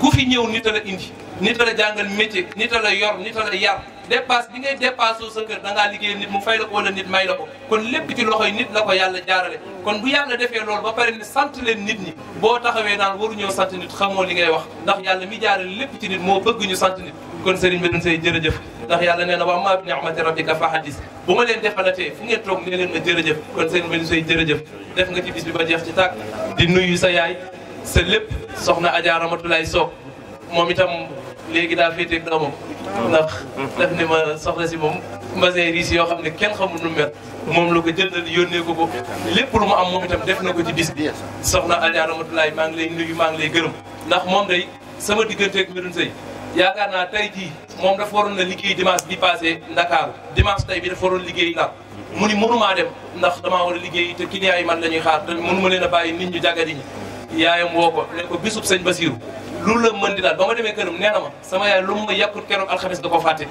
ku fi ñëw nit la indi nit a la jàngal métier nit a la yor nit a la yar dépasse bi ngay dépasse sa kër da liggéey nit mu fay la ko wala nit may la ko kon lépp ci loxo yi nit la ko yàlla jaarale kon bu yàlla defee loolu ba pare ne sant leen nit ñi boo taxawee naan waru ñëw sant nit xamoo li ngay wax ndax yàlla mi jaarale lépp ci nit moo bëgg ñu sant ni kon sëriñ bi sey jërëjëf ndax yàlla nee na wa maa bi ni'mati rabbika fa hadis bu ma leen defalatee fu ngeen toog nee leen ma jërëjëf kon sëriñ bi dañ say jërëjëf def nga ci bis bi ba jeex ci di nuyu sa yaay sa lépp soxna Adja Ramatulaay Soog moom itam léegi daa féeteeg doomam ndax def ni ma soxna si moom mbasin riis yoo xam ne kenn xamul nu mel moom la ko jëndal yónnee ko ko lépp lu mu am moom itam def na ko ci bis bi soxna Adja Ramatulaay maa ngi lay nuyu maa ngi lay gërëm ndax moom day sama digganteeg Medoune Seye yaakaar naa tey jii moom dafa waroon na liggéey dimanche bi passé Ndakaaru dimanche tey bi dafa waroon liggéey Ndar mu ni mënumaa dem ndax damaa war a liggéey te client yi man la ñuy xaar te mënuma leen a bàyyi nit ñu jàggadi ñi yaayam woo ko ne ko bisub sëñ Basiru lu la mën di daal ba ma demee këram nee ma sama yaay lu mu ma yàkkut keroog alxames da ko fàtte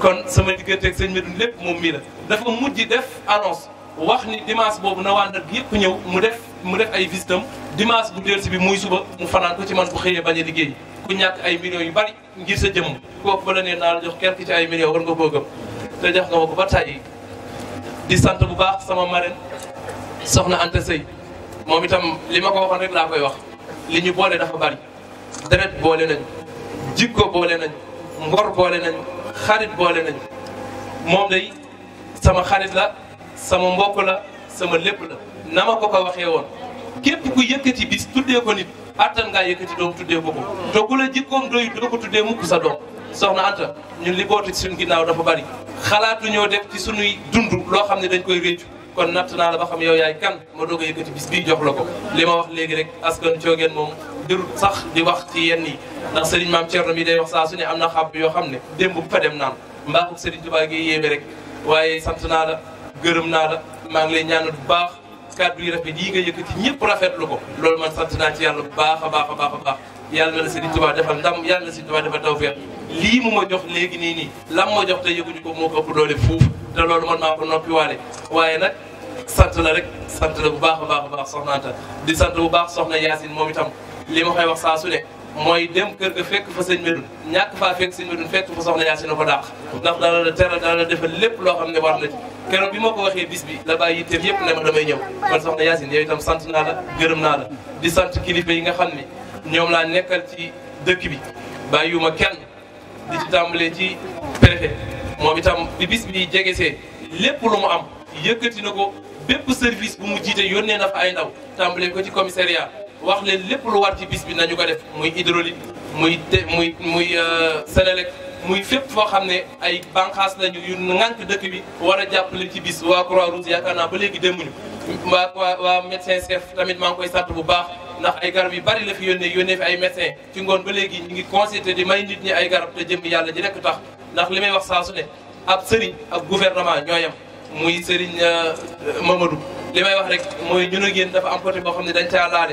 kon sama digganteeg sëñ Medoune lépp moom mii la dafa mujj def annonce wax ni dimanche boobu na waa Ndar yëpp ñëw mu def mu def ay visitam dimanche bu dellusi bi muy suba mu fanaan ko ci man bu xëyee bañ a liggéey ku ñàkk ay millions yu bari ngir sa jëmm kooku ba la nee naa la jox quelque ci ay millions war nga koo gëm te jox nga ma ba tàyyi di sant bu baax sama marraine soxna Anta Sey moom itam li ma ko waxoon rek laa koy wax li ñu boole dafa bari deret boole nañ jikko boole nañ ngor boole nañ xarit boole nañ moom day sama xarit sama mbokk la sama lépp la na ma ko ko waxee woon képp ku yëkkati bis tuddee ko nit attan ngaa yëkkati doom tuddee ko ko te ku la jikkoom doy doo ko tuddee mukk sa doom soxna Anta ñun li bootu ci suñu ginnaaw dafa bari xalaatu ñoo def ci suñuy dund loo xam ne dañ koy réccu kon natt naa la ba xam yow yaay kan ma doog a yëkkati bis bii jox la ko li ma wax léegi rek askan coogeen moom dërut sax di wax ci yenn yi ndax Serigne Maam Thierno mi day wax saa su na xàbb yoo xam ne démb bu fa dem naan mbaaxu Serigne Touba rek waaye sant naa gërëm naa la maa ngi lay ñaanal bu baax kàddu yi rafet yi nga yëkkati ñëpp lu ko loolu man sant naa ci yàlla bu baax a baax a baax a baax yàlla na Sëriñ Tuubaa defal ndam yàlla na Sëriñ Tuubaa defal tawfeex lii mu ma jox léegi nii nii lam ma jox te yëguñu ko moo ko ëpp doole fuuf te loolu man maa ko noppiwaale waaye nag sant la rek sant la bu baax a baax a baax soxna Anta di sant bu baax soxna Yaasin moom itam lii ma koy wax saa su ne mooy dem kër ga fekk fa sëñ Medoune ñàkk faa fekk sëñ Medoune fekk fa soxna Yaasin ko dàq ndax dana la teral dana lépp loo xam ne war na ci keroog bi ma ko waxee bis bi la bàyyi yitteem yëpp ne ma damay ñëw kon soxna Yacine yow itam sant naa la gërëm naa la di sant kilifa yi nga xam ne ñoom laa nekkal ci dëkk bi bàyyiwuma kenn di ci tàmbalee ci préfet moom itam bi bis bi jegesee lépp lu mu am yëkkati na ko bépp service bu mu jiite yónnee nag ay ndaw tàmbalee ko ci commissariat wax leen lépp lu war ci bis bi nañu ko def muy hydraulique muy te muy muy euh, Sénélec muy fépp foo xam ne ay banqaas lañu yu ngànk dëkk bi war a jàppale ci bis waa croix rouge yaakaar naa ba léegi demuñu waa waa waa médecin chef tamit maa ngi koy sant bu baax ndax ay garab yu bari la fi yoon yónnee fi ay médecin ci ngoon ba léegi ñu ngi consulté di may nit ñi ay garab te jëm yàlla ji rekk tax ndax li may wax saa su ne ab sëriñ ak gouvernement ñoo yem muy sëriñ euh, Mamadou li may wax rek mooy ñun ak yéen dafa am côté boo xam ne dañ caa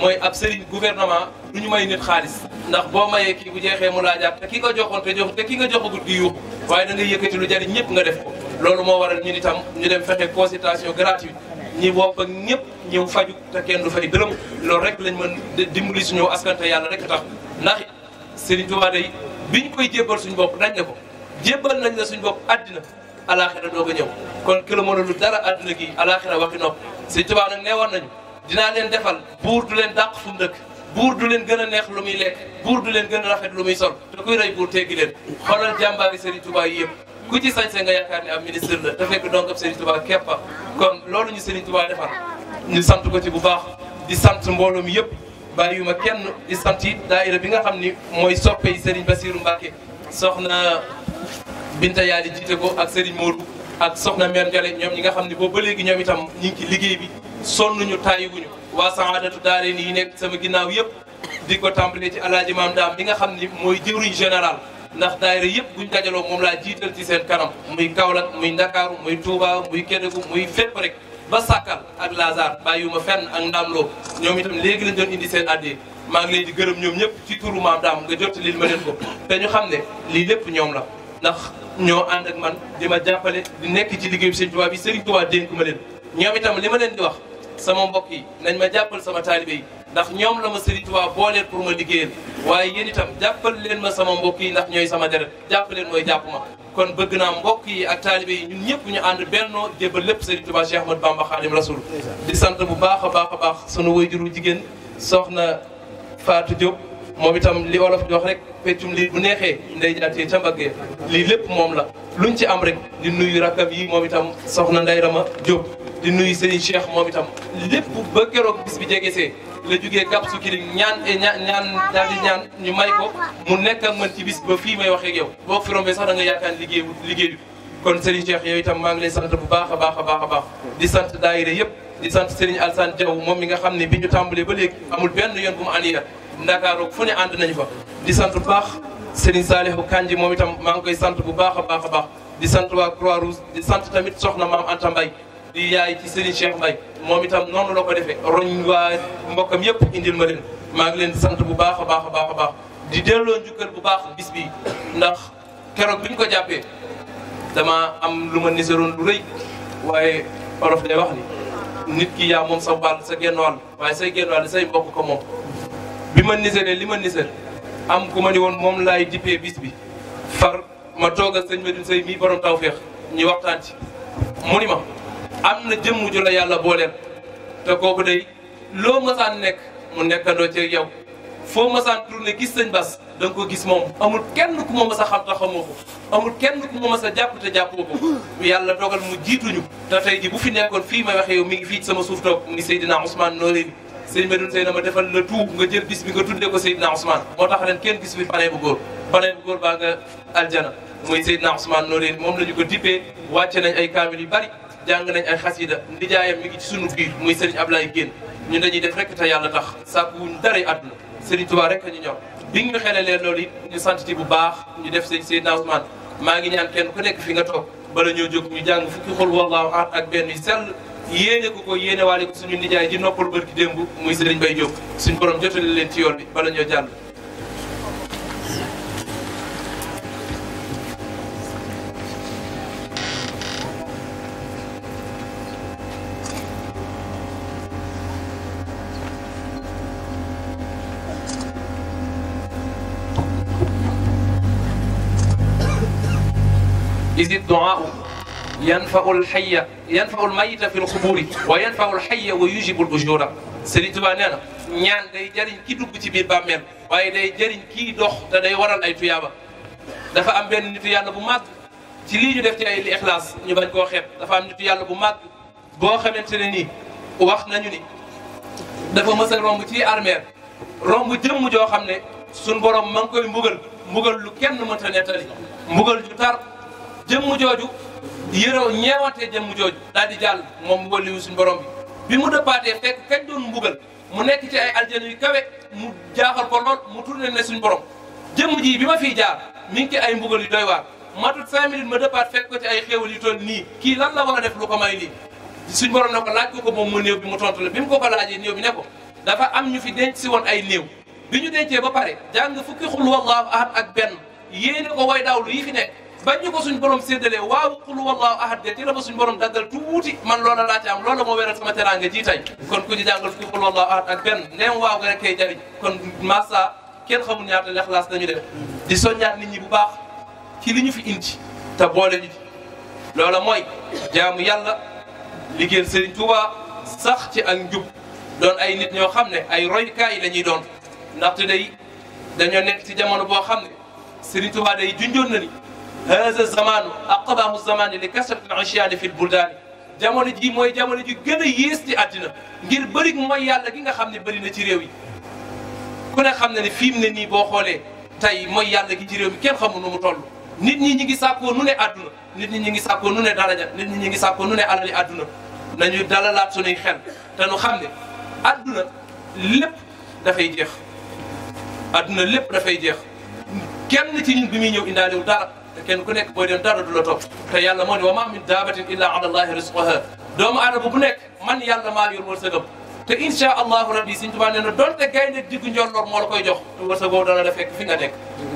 mooy ab sëriñ gouvernement du ñu may nit xaalis ndax boo mayee kii bu jeexee mu laajaat te ki nga joxoon te jox te ki nga joxagut gi yuuxu waaye da ngay yëkkati lu jariñ ñëpp nga def ko loolu moo waral ñun itam ñu dem fexe consultation gratuite ñi wopp ak ñëpp ñëw faju te kenn du fay bërëm loolu rek lañ mën dimbali suñu askan te yàlla rek tax ndax sëriñ Tuubaa day biñ koy jébbal suñu bopp nañ ne ko jébbal nañ la suñu bopp àddina alaaxira doog a ñëw kon ki la mënalu dara àddina gi alaaxira waxi nopp sëriñ Tuubaa nag nee woon nañu dinaa leen defal buur du leen dàq fu ndëkk buur du leen gën a neex lu muy lekk buur du leen gën a rafet lu muy sol te kuy rey buur teggi leen xoolal jàmbaari Serigne Touba yi yëpp ku ci sañse nga yaakaar ni am ministre la te fekk donc ab Serigne Touba keppa kon loolu ñu Serigne Touba defal ñu sant ko ci bu baax di sant mbooloo mi yëpp bàyyiwuma kenn di sant it daayira bi nga xam ni mooy soppe yi Serigne Bassirou Mbacke soxna Binta Yaali jiite ko ak sëriñ Modou ak soxna Mère Ndiaye ñoom ñi nga xam ne boobu ba léegi ñoom itam ñu ngi ci liggéey bi sonn ñu tàyyiwuñu waa saadatu daareen yi nekk sama ginnaaw yëpp di ko tàmbalee ci alaaji maam daam bi nga xam ni mooy jëwriñ général ndax daayira yëpp buñ dajaloo moom laa jiital ci seen kanam muy Kaolack muy Ndakaaru muy Touba muy Kédougou muy fépp rek ba Sàkkal ak Lazare ma fenn ak Ndamloo ñoom itam léegi lañ doon indi seen addi maa ngi leen di gërëm ñoom ñëpp ci turu maam daam nga jot lil ma leen ko te ñu xam ne lii lépp ñoom la ndax ñoo ànd ak man di ma jàppale di nekk ci liggéeyu Sëriñ Tuubaa bi Sëriñ Tuubaa ma leen ñoom itam li ma leen di wax sama mbokk yi nañ ma jàppal sama taalibe yi ndax ñoom la ma Sëriñ Tuubaa booleel pour ma liggéeyal waaye yéen itam jàppal leen ma sama mbokk yi ndax ñooy sama deret jàppaleen leen mooy jàpp ma kon bëgg naa mbokk yi ak taalibe ñu ñun ñu ànd bennoo jébbal lépp Sëriñ Tuubaa Cheikh Ahmadou Bamba Xaadim Rasul di sant bu baax a baax a baax sunu wayjuru jigéen soxna Fatou Diop moom itam li olof jox rek feccum li bu neexee nday jaatee ca mbaggee lii lépp moom la luñ ci am rek di nuyu rakkam yi moom itam soxna Ndey Rama Diop di nuyu Serigne Cheikh moom itam ba keroog bis bi la Cap ñaan e ñaan ñaan daal di ñaan ñu may ko mu nekk ak man ci bis ba fii may waxee ak yow boo fi sax da nga yaakaar liggéey liggéey kon Cheikh yow itam maa ngi lay sant bu baax a baax a baax a baax di sant daayira yëpp di sant Serigne Alsane Diaw moom mi nga xam ne bi ñu tàmbalee ba léegi amul benn bu mu fu ne Croix Rouge di sant tamit soxna maam di yaay ci Serigne Cheikh Mbaye moom itam noonu la ko defee roñ waa mbokkam yëpp indil ma leen maa ngi leen sant bu baax a baax a baax a baax di delloo njukkal bu baax bis bi ndax keroog bi ñu ko jàppee dama am lu ma niseroon lu rëy waaye olof day wax ni nit ki yaa moom sa wàll sa genn wàll waaye say genn wàll say mbokk ko moom bi ma niseree li ma niser am ku ma ni woon moom laay dippee bis bi far ma toogal sëñ Medoune Seye mii borom tawféex ñu waxtaan mu ma am na jëmm ju la yàlla booleel te kooku day loo masaan nekk mu nekkandoo ci yow foo masaan ne gis sëñ bas da nga ko gis moom amul kenn ku ma mas a xam te xamoo ko kenn ku ma mas jàpp te jàppoo ko yàlla dogal mu jiituñu te tey ji bu fi nekkoon fii ma waxe yow mi ngi fii sama suuf toog mu ngi Seydina Ousmane Nooréni sëñ Medoune Sey na ma defal le nga jël bis bi nga tuddee ko Seydina Ousmane tax ren kenn gis fi fanee bu góor fanee bu góor baa nga aljana mooy Seydina Ousmane Nooréni moom la ñu ko dippee wàcce nañ ay kaamil yu bari jàng nañ ay xasida nijaayam mi ngi ci sunu biir muy Serigne Ablaye Guèye ñun ñuy def rek te yàlla tax sàkku wuñ dara àdduna Serigne Touba rek a ñu ñor bi ñu xelalee loolu it ñu sant ci bu baax ñu def seen Seydina Ousmane maa ngi ñaan kenn ku nekk fi nga toog bala ñoo jóg ñu jàng fukki xul wallaahu ahad ak benn yu sell yéene ko ko yéene walla ko suñu nijaay ji noppal barki démb muy Serigne bay Diop suñ borom jotale leen ci yoon bi bala ñoo jàll إذ الدعاء ينفع الحي ينفع الميت في القبور وينفع الحي ويجب الأجور Serigne Touba nee na ñaan day jariñ ki dugg ci biir bàmmeel waaye day jariñ kii dox te day waral ay tuyaaba dafa am benn nitu yàlla bu màgg ci lii ñu def ci ay li ixlaas ñu bañ koo xeeb dafa am nitu yàlla bu màgg boo xamante ne nii wax nañu ni dafa mës a romb ci armeer romb jëmm joo xam ne suñ borom ma ngi koy mbugal mbugal lu kenn mënta nettali mbugal ju tar jëmm jooju yërëw ñeewante jëmm jooju daal di jàll moom waliyu suñu borom bi bi mu dëppaatee fekk kañ doon mbugal mu nekk ci ay aljana yu kawe mu jaaxal ko lool mu tourné ne suñu borom jëmm ji bi ma fiy jaar mi ngi ci ay mbugal yu doy waar matut cinq minutes ma dëppaat fekk ko ci ay xéewal yu toll nii kii lan la war a def lu ko may lii suñ borom ne ko laaj ko ko moom mu néew bi mu tontu la bi mu ko ko laajee néew bi ne ko dafa am ñu fi denc si woon ay néew bi ñu dencee ba pare jàng fukki xul wallahu ahad ak benn yéene ko way yi fi nekk bañ ñu ko suñ borom séddalee waaw qul wallahu ahad de tira ba suñ borom daggal tuuti man loola laate am loola moo weral sama teraanga ji tay kon ku ñu jàngal fi qul wallahu ahad ak benn neem waaw nga rek kay jariñ kon massa kenn xamul ñaata lexlaas dañu def di soññaat nit bu baax ci li ñu fi indi te boole ñu loola mooy jaamu yàlla liggéeyal Serigne Touba sax ci ak jub doon ay nit ñoo xam ne ay roykaay la ñuy doon ndaxte day dañoo nekk ci jamono boo xam ne Serigne Touba day junjoon na ni هذا الزمان أقبه الزمان لكثرة العصيان في البلدان jamono ji mooy jamono ji gën a yées ci àddina ngir bëri mooy yàlla gi nga xam ne bëri na ci réew yi ku ne xam ne ne fi mu ne nii boo xoolee tey mooy yàlla gi ci réew mi kenn xamul nu mu toll nit ñi ñi ngi sàkkoo nu ne àdduna nit ñi ñi ngi sàkkoo nu ne daraja nit ñi ñi ngi sàkkoo nu ne alali àdduna nañu dalalaat sunuy xel te nu xam ne àdduna lépp dafay jeex àdduna lépp dafay jeex kenn ci ñun bi muy ñëw indaalewul dara kenn ku nekk booy dem dara du la moo ne wa ma min daabatin illa ala allahi risqoha doomu aadama nekk man yàlla maa yor wërsëgam te insha allahu rabbi Sëñ Tuubaa nee na donte gaynde diggu njolloor moo la koy jox wërsëgoo dana la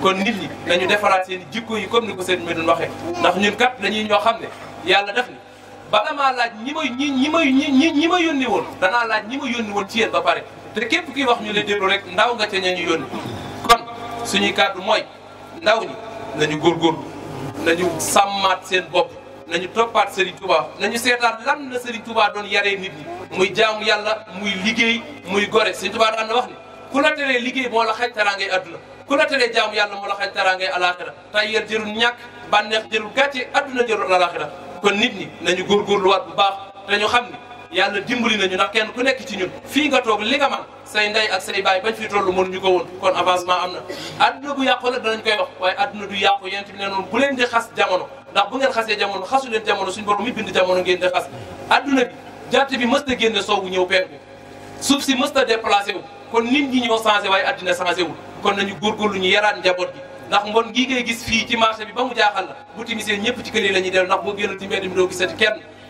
kon nit ñi dañu defaraat seen i jikko yi comme ni ko seen Medoune waxee ndax ñun kat dañuy ñoo xam ne yàlla def ni bala maa laaj ñi may ñi ñi may ñi ñi ma yónni woon danaa laaj ñi ma yónni woon ci yéen ba pare te képp kii wax ñu lay déglu rek ndaw nga ca ña ñu yónni kon suñuy kàddu mooy ndaw ñi nañu góorgóorlu nañu sàmmaat seen bopp nañu toppaat Serigne Touba nañu seetaat lan na Serigne Touba doon yaree nit ñi muy jaamu yàlla muy liggéey muy gore Serigne Touba daan na wax ni ku la teree liggéey moo la xañ teraangay àdduna ku la teree jaamu yàlla moo la xañ teraangay alaxira tayyar jërul ñàkk bànneex jërul gàcce àdduna jërul alaxira kon nit ñi nañu wat bu baax te ñu xam ni yàlla dimbali nañu ndax kenn ku nekk ci ñun fii nga toog li nga man say ndey ak say baay bañ fi toll mënuñu ko woon kon avancement am na adduna bu yàqu la danañ koy wax waaye adduna du yàqu yent bi neen noonu bu leen di xas jamono ndax bu ngeen xasee jamono leen jamono suñ borom mi bind jamono ngeen di xas adduna bi jant bi mës na génne soowu ñëw penku suuf si mës na déplacé wu kon nit ñi ñoo changé waaye addina changé wul kon nañu lu ñu yaraat njaboot gi ndax mbon gii ngay gis fii ci marché bi ba ñëpp ci kër yi la ñuy del ndax boo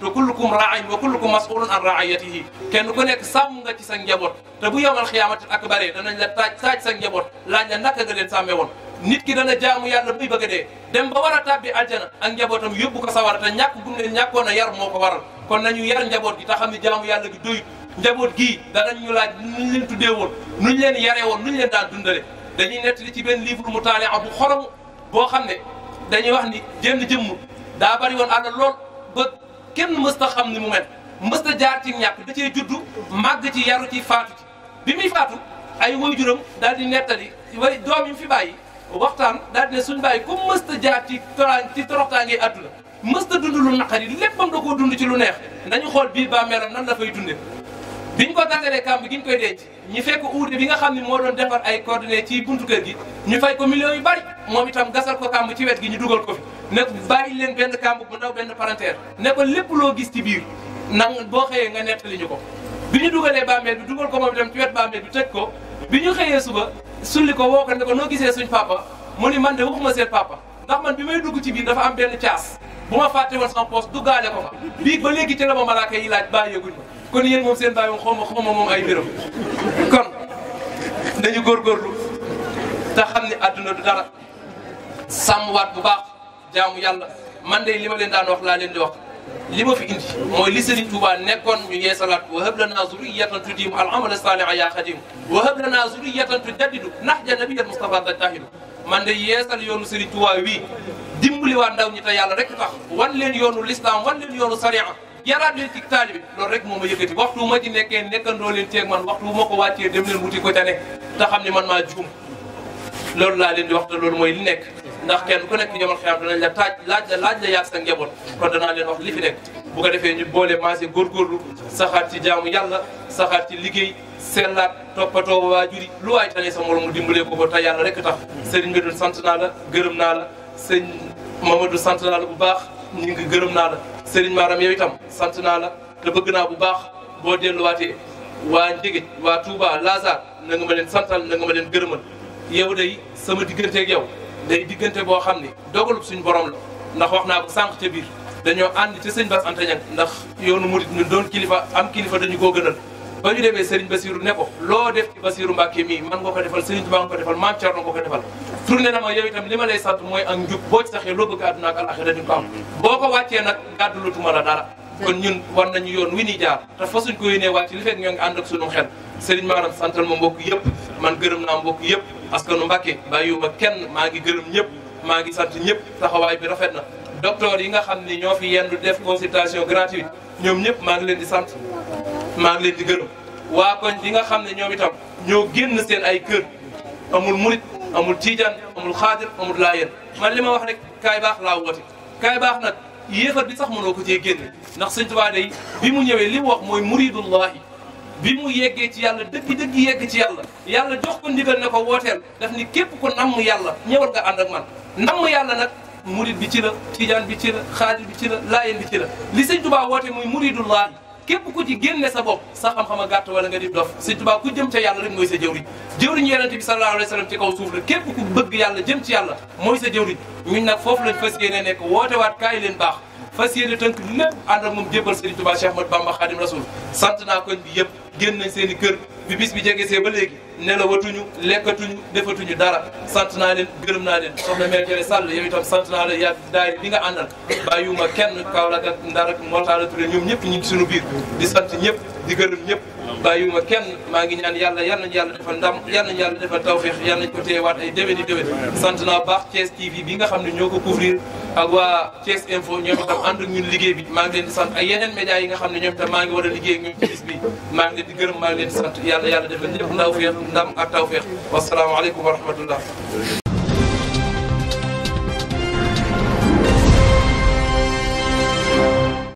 te kullukum raain wa kullukum masulun an raayatihi kenn ku nekk sàmm nga ci sa njaboot te bu yowmal xiyaamati ak bare danañ la taaj sa njaboot laaj la naka nga leen sàmmee woon nit ki dana jaamu yàlla bay bëgg a dee dem ba war a tàbbi aljana ak njabootam yóbbu ko sawara te ñàkk gum leen ñàkkoon a yar moo ko waral kon nañu yar njaboot gi te xam ne jaamu yàlla gi doyut njaboot gii danañ ñu laaj nuñ leen tuddee woon nuñ leen yaree woon nuñ leen daan dundale dañuy nettali ci benn mu taale bu boo xam ne dañuy wax ni jenn jëmm daa bari woon àll lool ba kenn mësta xam ni mu mel mësta jaar ci ñàkk da cee juddu màgg ci yaru ci faatu ci bi muy faatu ay waajuram daal di nettali way doom yi fi bàyyi waxtaan daal di ne suñ bàyyi ku mësta jaar ci toraan ci toroxtaange àdduna mësta dund lu naqari léppam da koo dund ci lu neex nañu xool biir bàmmeelam nan la fay dundee bi ñu ko tàggalee kàmb gi ñu koy denc ñu fekk uude bi nga xam ne moo doon defar ay coordonnées ci buntu kër gi ñu fay ko millions yu bari moom itam gasal ko kàmb ci wet gi ñu dugal ko fi bàyyi leen benn kàmb bu ndaw benn palanteer ne ko lépp loo gis ci biir nang boo xëyee nga nettali ñu ko bi ñu dugalee bàmmeel bi dugal ko moom itam ci wet bàmmeel bi teg ko bi ñu xëyee suba sulli ko woo ko ne ko noo gisee suñ papa mu ni man de waxuma seen papa ndax man bi may dugg ci biir dafa am benn caas bu ma faate woon sama du duggaale ko fa bii ba léegi ci la ma malaaka yi laaj bàyyeeguñ ma kon yéen moom seen bàyyi moom xaw ma xaw ma moom ay mbiram kon nañu góorgóorlu te xam ni àdduna du dara sàmmwaat bu baax jaamu yàlla man de li ma leen daan wax laa leen di wax li ma fi indi mooy li Serigne Touba nekkoon ñu yeesalaat ko wahab lana zuriyatan tudiimu al amala saaliha yaa xadim wahab lana zuriyatan tudaddidu nahja nabiyal Mustafa tahidu man de yeesal yoonu Serigne Touba wii dimbali waa ndaw ñi ta yàlla rek tax wan leen yoonu lislaam wan leen yoonu sariya yaraat leen ci bi loolu rek moom ma yëkkati waxtu ma ci nekkee nekkandoo leen ceeg man waxtu ma ko wàccee wuti ko ca ne te xam ne man maa juum loolu laa leen di wax te loolu mooy li nekk ndax ku nekk yomal xiyam danañ la taaj laaj la laaj la yaag sa njaboot kon danaa leen wax li nekk bu ko defee ñu boole maase góorgóorlu saxaat ci jaamu yàlla saxaat ci liggéey sellaat toppatoo waa yi lu waay tane sa morom mu dimbalee ko ko te yàlla rek tax sëriñ bi sant naa la gërëm naa la du sant naa la bu baax ñu gërëm naa la Serigne Maram yow itam sant naa la te bëgg naa bu baax boo delluwaatee waa Njigéej waa Touba Lazare na nga ma leen santal na nga ma leen gërëmal yow day sama diggante digganteeg yow day diggante boo xam ne dogalub suñu borom la ndax wax naa ko sànq ca biir dañoo ànd ci sëñ Bass Anta Niang ndax yoonu murit ñu doon kilifa am kilifa dañu koo gënal ba ñu demee Serigne Bassirou ne ko loo def ci Bassirou Mbacke mii man nga ko defal Serigne Touba defal Mame Thierno nga ko defal tourné na ma yow itam li ma lay sant mooy ak njub boo ci saxee loo bëgg àdduna ak alaxira di ko am boo ko wàccee nag gàddulatuma la dara kon ñun war nañu yoon wi ni jaar te fasuñ ko yéenee wàcc li fekk ñoo ngi ànd ak sunu xel Serigne Maram santal ma mbokk yëpp man gërëm naa mbokk yëpp askanu Mbàkke bàyyiwuma kenn maa ngi gërëm ñëpp maa ngi sant ñëpp taxawaay bi rafet na docteur yi nga xam ni ñoo fi yendu def consultation gratuite ñoom ñëpp maa ngi leen di sant maa ngi leen di gërëm waa koñ bi nga xam ne ñoom itam ñoo génn seen ay kër amul murit amul tiijan amul xaadir amul laayeen ma li ma wax rek kaay baax laa woote kaay baax nag yéefar bi sax mënoo ko cee génne ndax sëñ Tuubaa day bi mu ñëwee li mu wax mooy muridullahi bi mu yeggee ci yàlla dëgg-dëgg yegg ci yàlla yàlla jox ko ndigal ne ko wooteel daf ni képp ko namm yàlla ñëwal nga ànd ak man namm yàlla nag murid bi ci la tiijan bi ci la xaadir bi ci la laayeen bi ci la li sëñ Tuubaa woote muy muridullahi képp ku ci génne sa bopp sa xam-xam a gàtt wala nga di dof sëñ Tuubaa ku jëm ca yàlla rek mooy sa jëwriñ jëwriñ yonente bi sallallahu alayhi wa sallam ci kaw suuf la képp ku bëgg yàlla jëm si yàlla mooy sa jëwriñ ñun nag foofu lañ fas yéene nekk woote waat kaay leen baax fas yéene tënk lépp ànd ak moom jébbal Serigne Touba Cheikh Ahmadou Bamba Khadim Rasoul sant naa koñ bi yëpp génn nañ seen i kër bi bis bi jege see ba léegi nelawatuñu lekkatuñu defatuñu dara sant naa leen gërëm naa leen soxna Mère Jalle Sall yow itam sant naa la yaa daay bi nga àndal bàyyiwuma kenn Kaolack ak Ndar ak Mortala Touré ñoom ñëpp ñu ngi suñu biir di sant ñëpp di gërëm ñëpp ma kenn maa ngi ñaan yàlla yal nañu yàlla defal ndam yal nañu yàlla defal tawféex yal nañu ko téyewaat ay déwéni déwén sant naa baax Thiès TV bi nga xam ne ñoo ko couvrir a waa Thiès Info ñoom itam ànd ñun liggéey bi maa ngi leen di sant ak yeneen médias yi nga xam ne ñoom itam maa ngi war a liggéey ak ñoom ci bis bi maa ngi leen di gërëm maa ngi leen di sant yàlla yàlla defal ñëpp tawféex ndam ak tawféex wasalaamaaleykum wa rahmatullah